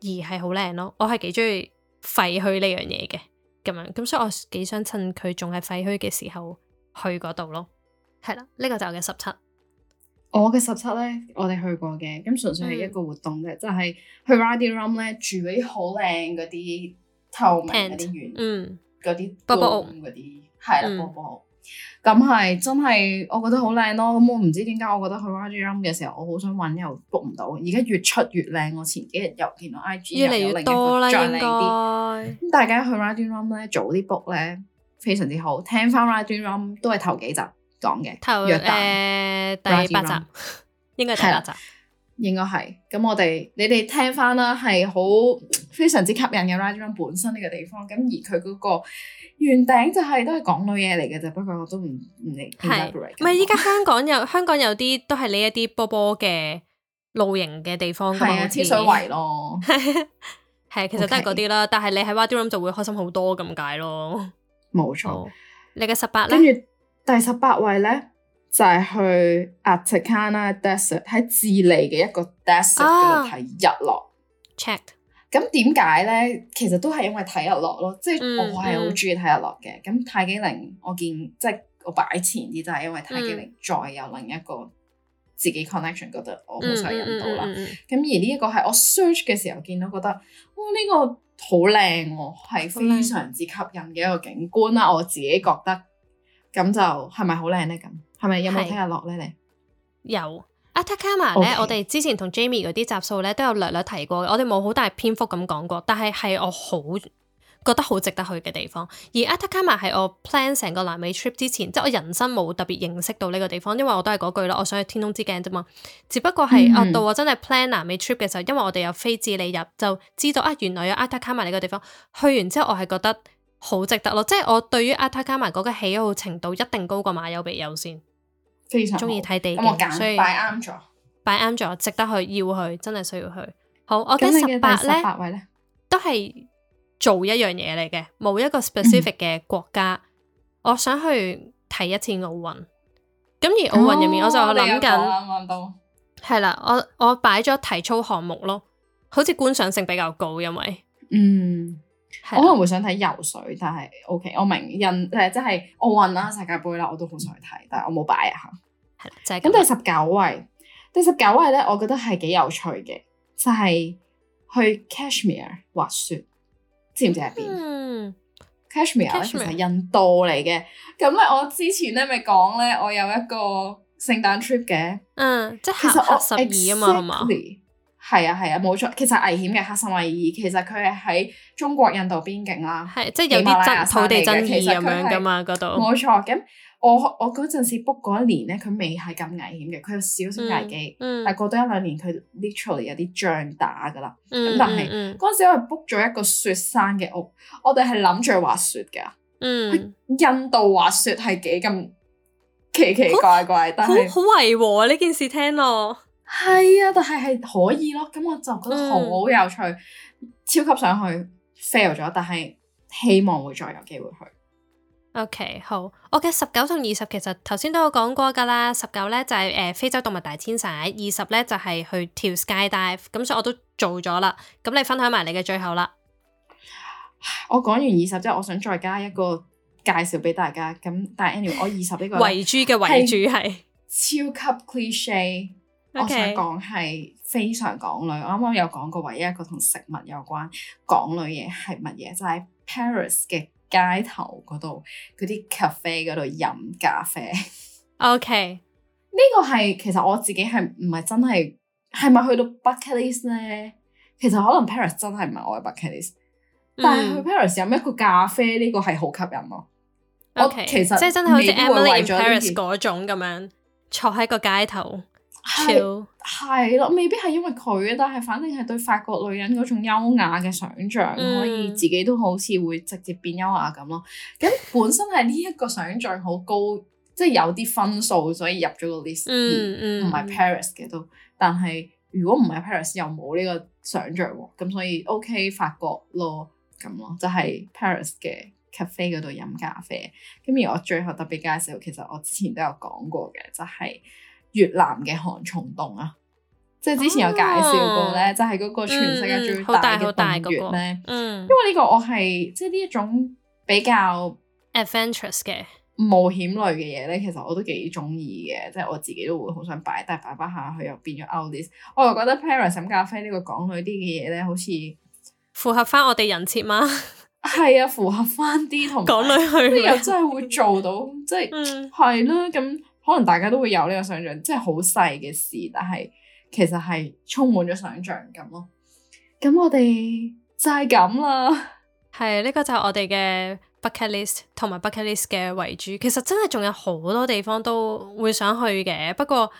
Speaker 1: 而係好靚咯。我係幾中意廢墟呢樣嘢嘅咁樣，咁所以我幾想趁佢仲係廢墟嘅時候去嗰度咯。係啦，呢個就係我嘅十七。
Speaker 2: 我嘅十七咧，我哋去過嘅，咁純粹係一個活動啫，嗯、就係去 Riding Room 咧住嗰啲好靚嗰啲透明嗰啲船，ant, 嗯，嗰啲波嗰啲，係啦，波波屋，咁係的、嗯、真係我覺得好靚咯。咁我唔知點解我覺得去 Riding Room 嘅時候我，我好想揾又 book 唔到，而家越出越靚。我前幾日又見到 IG 越嚟越多啦，應啲該。咁、嗯、大家去 Riding Room 咧，早啲 book 咧，非常之好。聽翻 Riding Room 都係頭幾集。講嘅，頭誒
Speaker 1: 第八集，應該第八集，
Speaker 2: 應該係咁。我哋你哋聽翻啦，係好非常之吸引嘅。Wadi Rum 本身呢個地方，咁而佢嗰個圓頂就
Speaker 1: 係、是、都係港
Speaker 2: 女嘢嚟嘅啫，不過我都唔唔理。係，唔
Speaker 1: 係依家香港有香港有啲都係呢一啲波波嘅露營嘅地方，係啊，天水圍咯，係， [LAUGHS] 其實都係嗰啲啦。但係你喺 Wadi Rum 就會開心好多咁解咯，冇錯錯。你嘅十八
Speaker 2: 咧？第十八位咧，就係、是、去 Atacama Desert 喺智利嘅一個 desert 嗰度睇、oh, 日落。Check. 咁點解咧？其實都係因為睇日落咯，即係我係好中意睇日落嘅。咁泰姬陵我見即係我擺前啲，就係因為泰姬陵再有另一個自己 connection，、mm hmm. 覺得我好、哦、吸引到啦。咁而呢一個係我 search 嘅時候見到，覺得哇呢個好靚喎，係非常之吸引嘅一個景觀啦。Mm hmm. 我自己覺得。咁就係咪好靚呢？咁係咪
Speaker 1: 有冇聽日落呢？你有 Atacama 呢，Okay. 我哋之前同 Jamie 嗰啲集數呢，都有略略提過，我哋冇好大篇幅咁講過，但係係我好覺得好值得去嘅地方。而 Atacama 係我 plan 成個南美 trip 之前，即係我人生冇特別認識到呢個地方，因為我都係嗰句啦，我想去天空之鏡啫嘛。只不過係、mm hmm. 啊到我真係 plan 南美 trip 嘅時候，因為我哋有飛智利入，就知道啊原來有 Atacama 呢個地方。去完之後我係覺得。好值得咯，即係我對於阿塔卡馬嗰個喜好程度一定高過馬丘比丘優先，非常中意睇地景，所以擺啱咗，擺啱咗，值得去，要去，真係需要去。好，我嘅十八呢，位呢都係做一樣嘢嚟嘅，冇一個 specific 嘅國家，嗯、我想去睇一次奧運。咁而奧運入面，哦、我就諗緊，係啦、啊，我我擺咗體操項目咯，好似觀賞性比較高，因為
Speaker 2: 嗯。我可能會想睇游水，但係 OK，我明印誒即係奧運啦、世界杯啦，我都好想去睇，但係我冇擺啊吓。係啦，就係、是、咁。第十九位，第十九位咧，我覺得係幾有趣嘅，就係、是、去 Kashmir 滑雪，知唔知喺邊？嗯，Kashmir 咧其實係印度嚟嘅。咁咧、嗯，我之前咧咪講咧，我有一個聖誕 trip 嘅，嗯，即係其實我十二啊嘛，係嘛？係啊係啊，冇錯。其實危險嘅喀什米爾，其實佢係喺中國印度邊境啦。係即係有啲爭土地爭議咁樣噶嘛，嗰度。冇錯。咁我我嗰陣時 book 嗰一年咧，佢未係咁危險嘅。佢有少少危機。嗯。但過多一兩年，佢 literally 有啲仗打噶啦。嗯。咁但係嗰陣時我係 book 咗一個雪山嘅屋，我哋係諗住滑雪㗎。嗯。印度滑雪係幾咁奇奇怪怪，但係
Speaker 1: 好違和呢
Speaker 2: 件事聽咯。係啊，但係係可以咯，咁我就覺得好有趣，嗯、超級想去。fail 咗，但係希望會再有機會去。
Speaker 1: OK，好，我嘅十九同二十其實頭先都有講過噶啦。十九咧就係、是、誒、呃、非洲動物大遷徙，二十咧就係去跳 sky dive。咁所以我都做咗啦。咁你分享埋你嘅最後啦。
Speaker 2: 我講完二十之後，我想再加一個介紹俾大家。咁但係 anyway，我二十呢個遺珠嘅遺珠係
Speaker 1: 超級 cliche。 [LAUGHS] Okay. 我想講
Speaker 2: 係非常港女，我啱啱有講過唯一一個同食物有關港女嘢係乜嘢？就係、是、Paris 嘅街頭嗰度，嗰啲 cafe 嗰度飲咖啡。OK，呢個係其實我自己係唔係真係係咪去到 bucket list 咧？其實可能 Paris 真係唔係我嘅 bucket list，、嗯、但係去 Paris 飲一個咖啡呢、呢個係好吸引咯。k
Speaker 1: Okay. 其實即係真係好似 Emily in Paris 嗰種咁樣坐喺個街頭。嗯嗯
Speaker 2: 係，係咯，未必係因為佢，但係反正係對法國女人嗰種優雅嘅想象，嗯、可以自己都好似會直接變優雅咁咯。咁本身係呢一個想象好高，即係有啲分數，所以入咗個 list，嗯、嗯、同埋 Paris 嘅都。但係如果唔係 Paris，又冇呢個想象，咁所以 OK 法國咯，咁咯，就係 Paris 嘅 cafe 嗰度飲咖啡。咁而我最後特別介紹，其實我之前都有講過嘅，就係、是。越南嘅韓松洞啊，即係之前有介紹過咧，哦、就係嗰個全世界最大嘅、嗯、大穴咧、那個。
Speaker 1: 嗯，因
Speaker 2: 為呢個我係即係呢一種比較 adventurous 嘅冒險類嘅嘢咧，其實我都幾中意嘅，即係我自己都會好想擺，但係擺翻下去，又變咗 out。我又覺得 Paris 飲咖啡呢個港女啲嘅嘢咧，好似
Speaker 1: 符合翻我哋人設嘛。係 [LAUGHS] 啊，符合翻啲同港女去，又
Speaker 2: 真係會做到，即係係囉咁。嗯可能大家都會有呢個想像，即係好細嘅事，但係其實係充滿咗想像感
Speaker 1: 咯。咁我哋就係咁啦。係呢個就係我哋嘅 bucket list 同埋 bucket list 嘅為主。其實真係仲有好多地方都會想去嘅，不過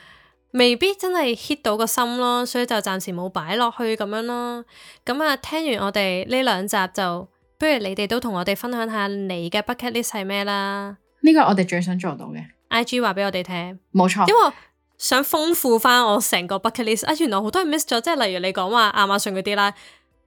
Speaker 1: 未必真係 hit 到個心咯，所以就暫時冇擺落去咁樣咯。咁啊，聽完我哋呢兩集就，就不如你哋都同我哋分享下你嘅 bucket list 係咩啦？
Speaker 2: 呢個係我哋最想做到嘅。
Speaker 1: I G 話俾我哋聽，冇錯錯。因為想豐富翻我成個 bucket list，啊，原來好多人 miss 咗，即係例如你講話亞馬遜嗰啲啦，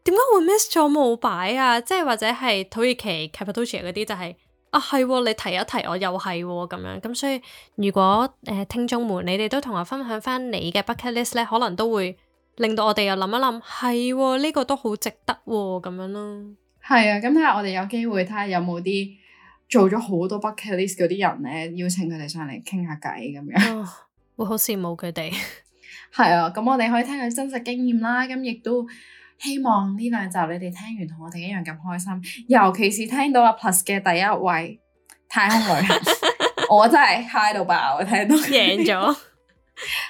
Speaker 1: 點解會 miss 咗冇擺啊？即係或者係土耳其、Cappadocia 嗰啲，就係啊係、啊，你提一提我又係咁、啊、樣，咁所以如果誒、呃、聽眾們，你哋都同我分享翻你嘅 bucket list 咧，可能都會令到我哋又諗一諗，係呢、啊這個都好值得咁、啊、樣咯。
Speaker 2: 係啊，咁睇下我哋有機會睇下有冇啲。做咗好多 bucket list 嗰啲人咧，邀請佢哋上嚟傾下偈咁樣，會、oh，好羨慕佢哋。係 [LAUGHS] [LAUGHS] 啊，咁我哋可以聽佢真實經驗啦。咁亦都希望呢兩集你哋聽完同我哋一樣咁開心，尤其是聽到阿 Plus 嘅第一位太空旅行， [LAUGHS] [LAUGHS] 我真係嗨到爆，我聽到贏咗了，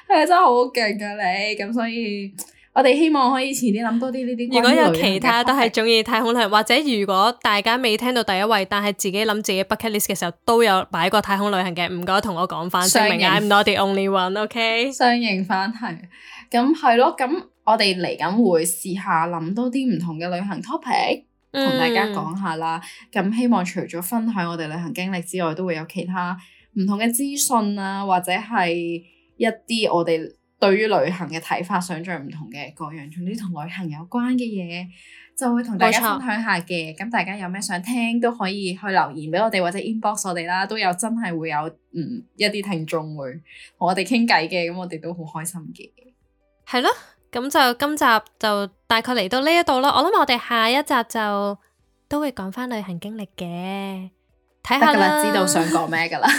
Speaker 2: 係 [LAUGHS] 真係好勁啊你。咁所以。我哋希望可以遲啲諗多啲呢啲。如果有其他都係
Speaker 1: 中意太空旅行，或者如果大家未聽到第一位，但係自己諗自己 bucket list 嘅時候，都有擺過太空旅行嘅，唔該同我講翻認、okay?。I'm not the only one，OK？相應翻係，
Speaker 2: 咁係咯，咁我哋嚟緊會試下諗多啲唔同嘅旅行 topic，同、嗯、大家講下啦。咁希望除咗分享我哋旅行經歷之外，都會有其他唔同嘅資訊啊，或者係一啲我哋。對於旅行嘅睇法，想象唔同嘅各樣，甚啲同旅行有關嘅嘢，就會同大家分享下嘅。咁冇錯。大家有咩想聽都可以去留言俾我哋，或者 inbox 我哋啦，都有真係會有嗯一啲聽眾會同我哋傾偈嘅。咁我哋
Speaker 1: 都好開心嘅。係咯，咁就今集就大概嚟到呢一度啦。我諗我哋下一集就都會講返旅行經歷嘅。睇下啦，知道想講咩㗎啦，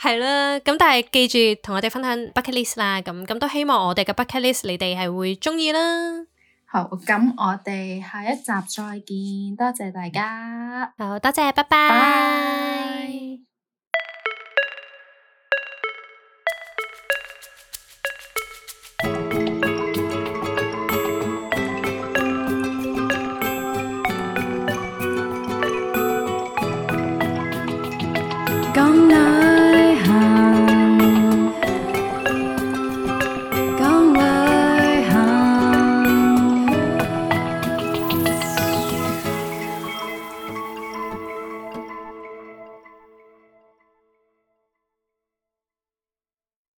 Speaker 1: 係啦，咁但係記住同我哋分享 bucket list 啦，咁咁都希望我哋嘅 bucket list 你哋係會鍾意啦。好，咁
Speaker 2: 我哋下一集再見，多謝大家，好，多謝，拜拜。